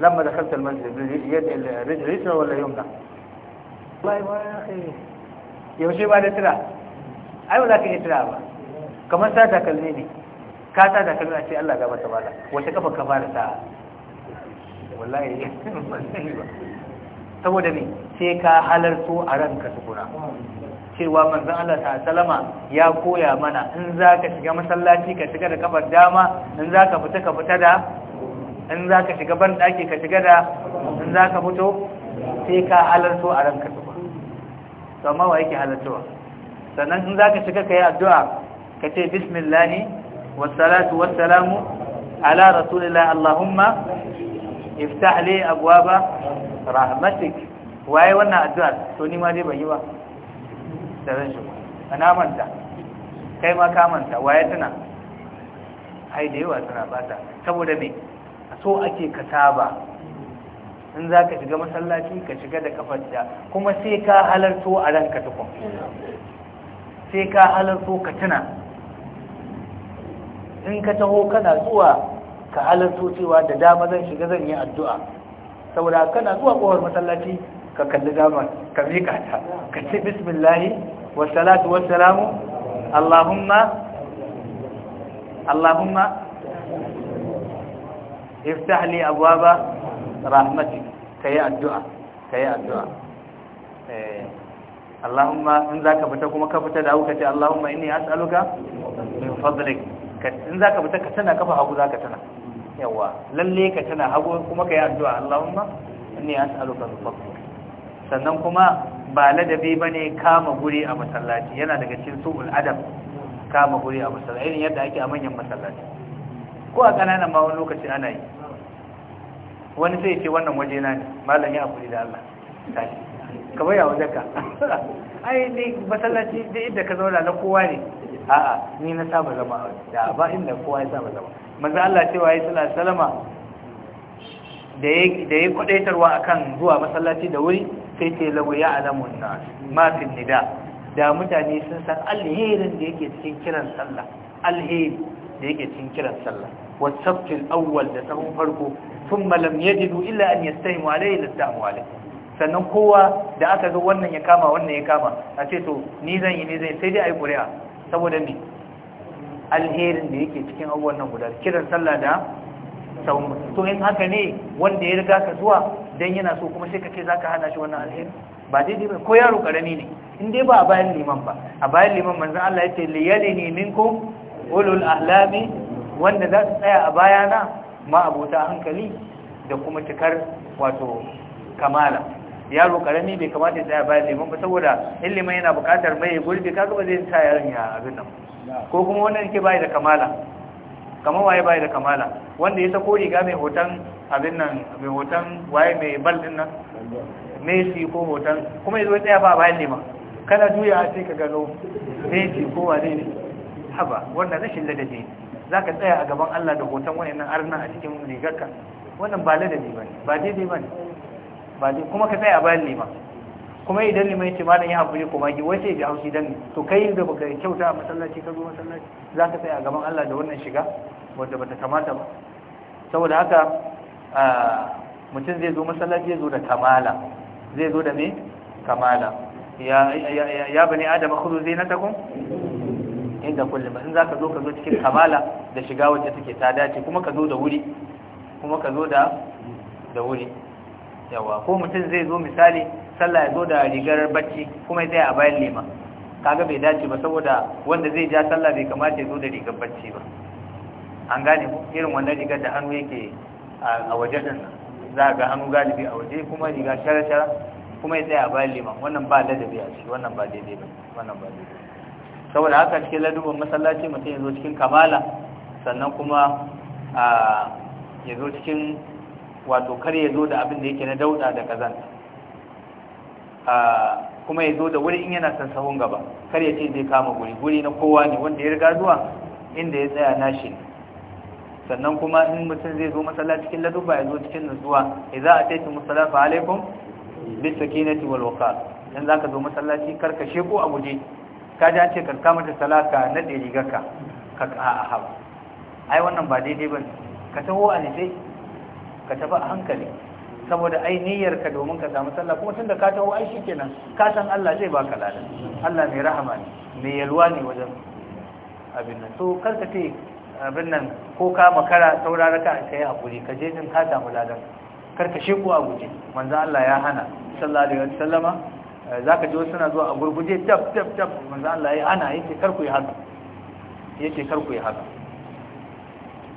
lamma da kaltar masjid yadda rijiyar wala yumna wallahi ba ya kai yaushe ba da tara ai ba za ka iya tara ba kamar sa takalmi ne ka sa takalmi a ce Allah gaba ta bada wata ƙafa ka fara sa wallahi saboda ne sai ka halarto a ranka tukuna cewa manzan Allah ta salama ya koya mana in za ka shiga masallaci ka shiga da kafar dama in za ka fita ka fita da in za ka shiga ban ɗaki ka shiga da in za ka fito sai ka halarto a ranka tukuna to amma wa yake halartowa sannan in za ka shiga ka yi addu'a ka ce bismillahi wassalatu wassalamu ala rasulillah allahumma iftah li abwaba rahmatik waye wannan addu'a to ni ma dai ban yi ba da zan shi na manta kai ma ka manta waye tana ai da yawa tana bata saboda me so ake ka saba in za ka shiga masallaci ka shiga da kafar da kuma sai ka halarto a ranka tukun sai ka halarto ka tuna in ka taho kana zuwa ka halarto cewa da dama zan shiga zan yi addu'a saboda kana zuwa kowar masallaci ka kalli dama ka mika ta ka ce bismillahi wa salatu wa salamu allahumma allahumma iftah li abwaba ka yi addu'a yi addu'a eh, Allahumma in za ka fita kuma ka fita da auka ce Allahumma inni as'aluka min fadlik in za ka fita ka tana kafa hagu ka tana yawa lalle ka tana hagu kuma yi addu'a Allahumma inni as'aluka min fadlik sannan kuma ba ladabi bane kama guri a masallaci yana daga cikin su'ul adab kama guri a masallaci irin yadda ake a manyan masallaci ko a kananan ma wani lokaci ana yi wani sai ce wannan waje na ne malam ya hakuri da Allah tashi ka baya wajen ka ai ne masallaci da inda ka zauna na kowa ne a'a ni na saba zama da ba inda kowa ya saba zama manzo Allah cewa ya sallallahu alaihi wasallama da ya da ya kwadaitarwa akan zuwa masallaci da wuri sai ce lau ya alamun na mafin nida da mutane sun san alherin da yake cikin kiran sallah alheri da yake cikin kiran sallah wasabtin awwal da sahun farko sun malam ya jidu illa an yastahimu da lastahimu alayhi sannan kowa da aka zo wannan ya kama wannan ya kama a ce to ni zan yi ne zai sai dai ayi ƙuri'a saboda me alherin da yake cikin awwal nan guda kiran sallah da sahun to in haka ne wanda ya riga ka zuwa dan yana so kuma sai ka zaka hana shi wannan alheri ba daidai ba ko yaro karami ne in dai ba a bayan liman ba a bayan liman manzo Allah yace yalini minkum ulul ahlami wanda za su tsaya a bayana ma abota hankali da kuma cikar wato kamala yaro karami bai kamata ya tsaya bayan liman ba saboda in liman yana bukatar mai gurbi kaga ba zai tsaya yaron ya abin nan ko kuma wannan yake bai da kamala kamar waye bai da kamala wanda ya sako riga mai hoton abin nan mai hoton waye mai bal din nan Messi ko hoton kuma yazo tsaya ba bayan ne ma kana juya sai ka gano Messi ko wane ne haba wannan rashin ladabi zaka tsaya a gaban Allah da hoton wani nan arna a cikin rigarka wannan ba ladabi bane ba daidai bane ba dai kuma ka tsaya a bayan ne ma kuma idan limai ce malam ya haƙuri kuma ki wace ji haushi dan to kai da baka kyauta a masallaci ka zo masallaci za ka tsaya a gaban Allah da wannan shiga wanda bata kamata ba saboda haka mutum zai zo masallaci zai zo da kamala zai zo da me kamala ya ya ya bani adam khudu zinatakum inda ba in zaka zo ka zo cikin kamala da shiga wacce take ta dace kuma ka zo da wuri kuma ka zo da da wuri yawa ko mutum zai zo misali sallah ya zo da rigar bacci kuma ya tsaya a bayan lema kaga bai dace ba saboda wanda zai ja sallah bai kamata ya zo da rigar bacci ba an gane irin wannan rigar da hannu yake a waje din za ga hannu galibi a waje kuma riga shara-shara kuma ya tsaya a bayan liman wannan ba ladabi a ciki wannan ba daidai ba wannan ba daidai saboda haka cikin ladubin masallaci mutum ya zo cikin kamala sannan kuma ya zo cikin wato kar ya zo da abin da yake na dauda da kazanta kuma ya zo da wuri in yana son sahun gaba kar ya ce zai kama guri guri na kowa ne wanda ya riga zuwa inda ya tsaya nashi ne sannan kuma in mutum zai zo masallaci cikin ladubba ya zo cikin nutsuwa ya idza ataytu musalla fa alaikum bis sakinati wal waqar dan zaka zo masallaci karkashe ko a guje ka ji an ce karka mata salaka na da rigarka ka ka a ai wannan ba daidai ba ka taho a nisai ka tafi a hankali saboda ai niyyarka domin ka samu sallah kuma tunda ka tawo ai shikenan ka san Allah zai baka lada Allah mai rahama ne mai yalwa ne wajen abin nan To kar ka ce abin nan ko ka makara saurara ka kai hakuri ka je din ka samu ladan kar ka shego a guje manzo Allah ya hana sallallahu alaihi wasallama eh, zaka ji suna zuwa a gurguje dab dab dab manzo Allah ya hana yace kar ku yi haka yace kar ku yi haka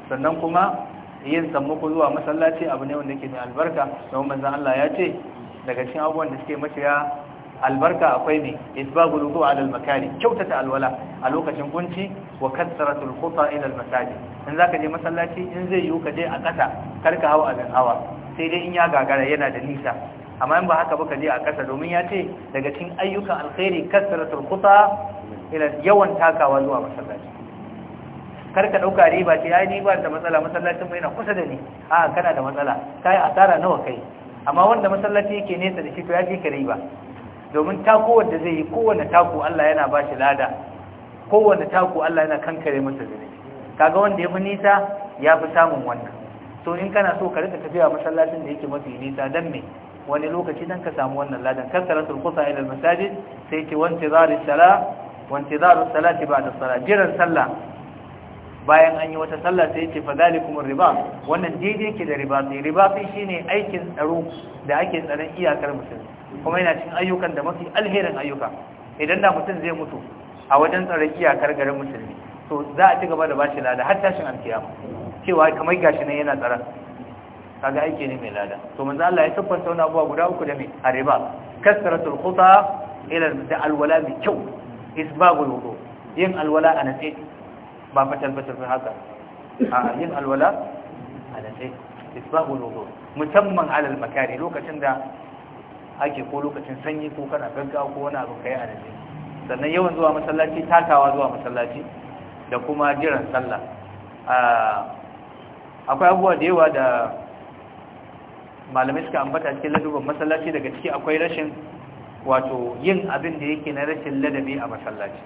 sannan kuma yin sammako zuwa masallaci abu ne wanda ke mai albarka don manzan Allah ya ce daga cikin abubuwan da suke maciya albarka akwai ne isbabul zuwa adal makari kyautata alwala a lokacin kunci wa kasratul tulkuta ilal al in in ka je masallaci in zai yiwu ka je a ƙasa karka hawa abin hawa sai dai in ya gagara yana da nisa amma in ba haka ba ka je a ƙasa domin ya ce daga cikin ayyukan alkhairi kasratul tulkuta yawan takawa zuwa masallaci kar ka dauka riba ce ai ni ba da matsala masallacin mai na kusa da ni a kana da matsala kai asara nawa kai amma wanda masallaci yake nesa da shi to ya fi ka riba domin tako wanda zai yi kowanne tako Allah yana ba shi lada kowanne tako Allah yana kankare masa zunubi kaga wanda ya fi nisa ya fi samun wannan so in kana so ka rika tafiya masallacin da yake mafi nisa dan me wani lokaci dan ka samu wannan ladan kasaratul qusa ila al masajid sai ce wantizaru sala wantizaru salati ba'da salat jiran sallah bayan an yi wata sallah sai yace fa zalikumur riba wannan daidai ke da riba sai riba sai shine aikin tsaro da ake tsaron iyakar mutum kuma yana cikin ayyukan da mafi alherin ayyuka idan da mutum zai mutu a wajen tsaron iyakar garin musulmi to za a ci gaba da bashi lada har tashin alkiyama cewa kamar gashi nan yana tsaron kaga aiki ne mai lada to manzo Allah ya tabbata wani abuwa guda uku da a riba. kasratul khuta ila da alwala mai kyau isbagul wudu yin alwala a natsi ba fatal fatal haka a yin alwala ala sai isbahu wudu musamman ala makari lokacin da ake ko lokacin sanyi ko kana gagga ko wani abu kai a sai sannan yawan zuwa masallaci takawa zuwa masallaci da kuma jiran sallah akwai abubuwa da yawa da malamai suka ambata cikin ladubin masallaci daga ciki akwai rashin wato yin abin da yake na rashin ladabi a masallaci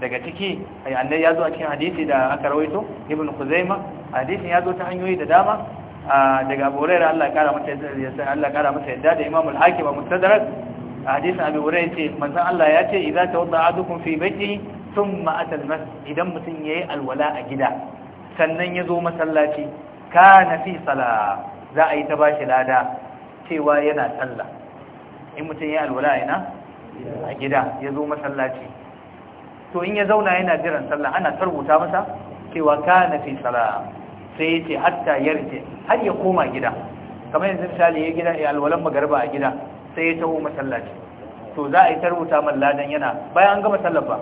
daga ciki annai ya zo a cikin hadisi da aka rawaito ibn kuzaima hadisin ya zo ta hanyoyi da dama daga abu hurairah Allah ya kara masa yadda Allah ya kara masa yadda da imamu al-hakim a mustadrak hadisin abu hurairah ce manzon Allah ya ce idza tawadda ahadukum fi baiti thumma atal masjid idan mutum yayi alwala a gida sannan ya zo masallaci kana fi sala za a yi ta bashi lada cewa yana sallah in mutum yayi alwala ina a gida ya zo masallaci to in ya zauna yana jiran sallah ana tarbuta masa cewa kana fi salah sai yace hatta yarje har ya koma gida kamar yanzu misali ya gida ya alwalan magarba a gida sai ya taho masallaci to za a yi tarbuta man ladan yana bayan an gama sallar ba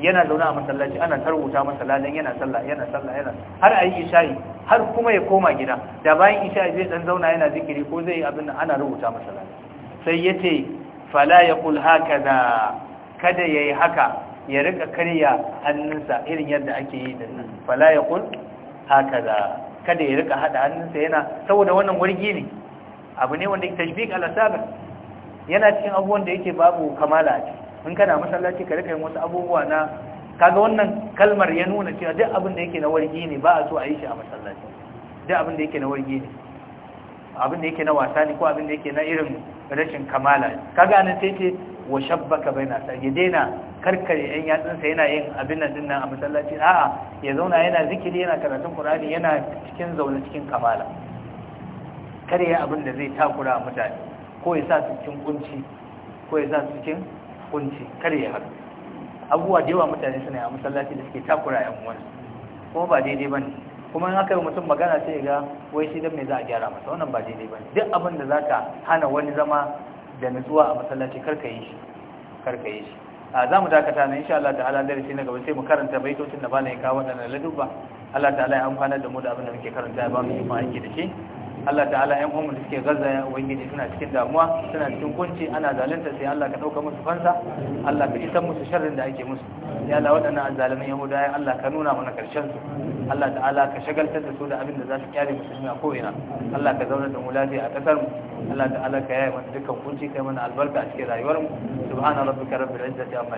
yana zauna a masallaci ana tarbuta masa ladan yana sallah yana sallah yana har a yi isha'i har kuma ya koma gida da bayan isha'i zai dan zauna yana zikiri ko zai yi abin ana rubuta masa ladan sai yace fala yaqul hakaza kada yayi haka ya rika karya hannunsa irin yadda ake yi da nan fala haka hakaza kada ya rika hada hannunsa yana saboda wannan wargi ne abu ne wanda ita shi sabir yana cikin abubuwan da yake babu kamala a ciki in kana masallaci ka rika yin wasu abubuwa na kaga wannan kalmar ya nuna cewa duk abin da yake na wargi ne ba a so a yi shi a masallaci duk abin da yake na wargi ne abin da yake na wasa ne ko abin da yake na irin rashin kamala kaga nan sai ce wa shabbaka baina sa ya daina karkare yan yatsunsa yana yin abin nan dinnan a masallaci a'a ya zauna yana zikiri yana karatun qur'ani yana cikin zaune cikin kamala kar ya abin da zai takura a mutane ko ya sa su cikin kunci ko ya sa su cikin kunci kar ya haka abubuwa da yawa mutane suna a masallaci da suke takura yan uwan kuma ba daidai bane kuma in aka yi mutum magana sai ga wai shi dan me za a gyara masa wannan ba daidai bane duk abin da zaka hana wani zama da nutsuwa a masallaci karka yi shi shi a za mu dakata na insha Allah ta'ala darasi na gaba sai mu karanta baitocin da ba na yi kawo waɗannan laduba Allah ta'ala ya amfana da mu da abin da muke karanta ya ba mu yi aiki da shi Allah ta'ala ƴan uwan da suke gaza ya ubangiji suna cikin damuwa suna cikin kunci ana zalunta sai Allah ka dauka musu fansa Allah ka isar musu sharrin da ake musu ya Allah waɗannan azzalimin yahudawa Allah ka nuna mana karshen su Allah ta'ala ka shagaltar da su da abin da za su kyale musulmi a ko'ina Allah ka zauna da mu lafiya a kasar mu Allah ta'ala ka yaya mana dukkan kunci kai mana albarka a cikin rayuwar mu subhana rabbika rabbil izzati amma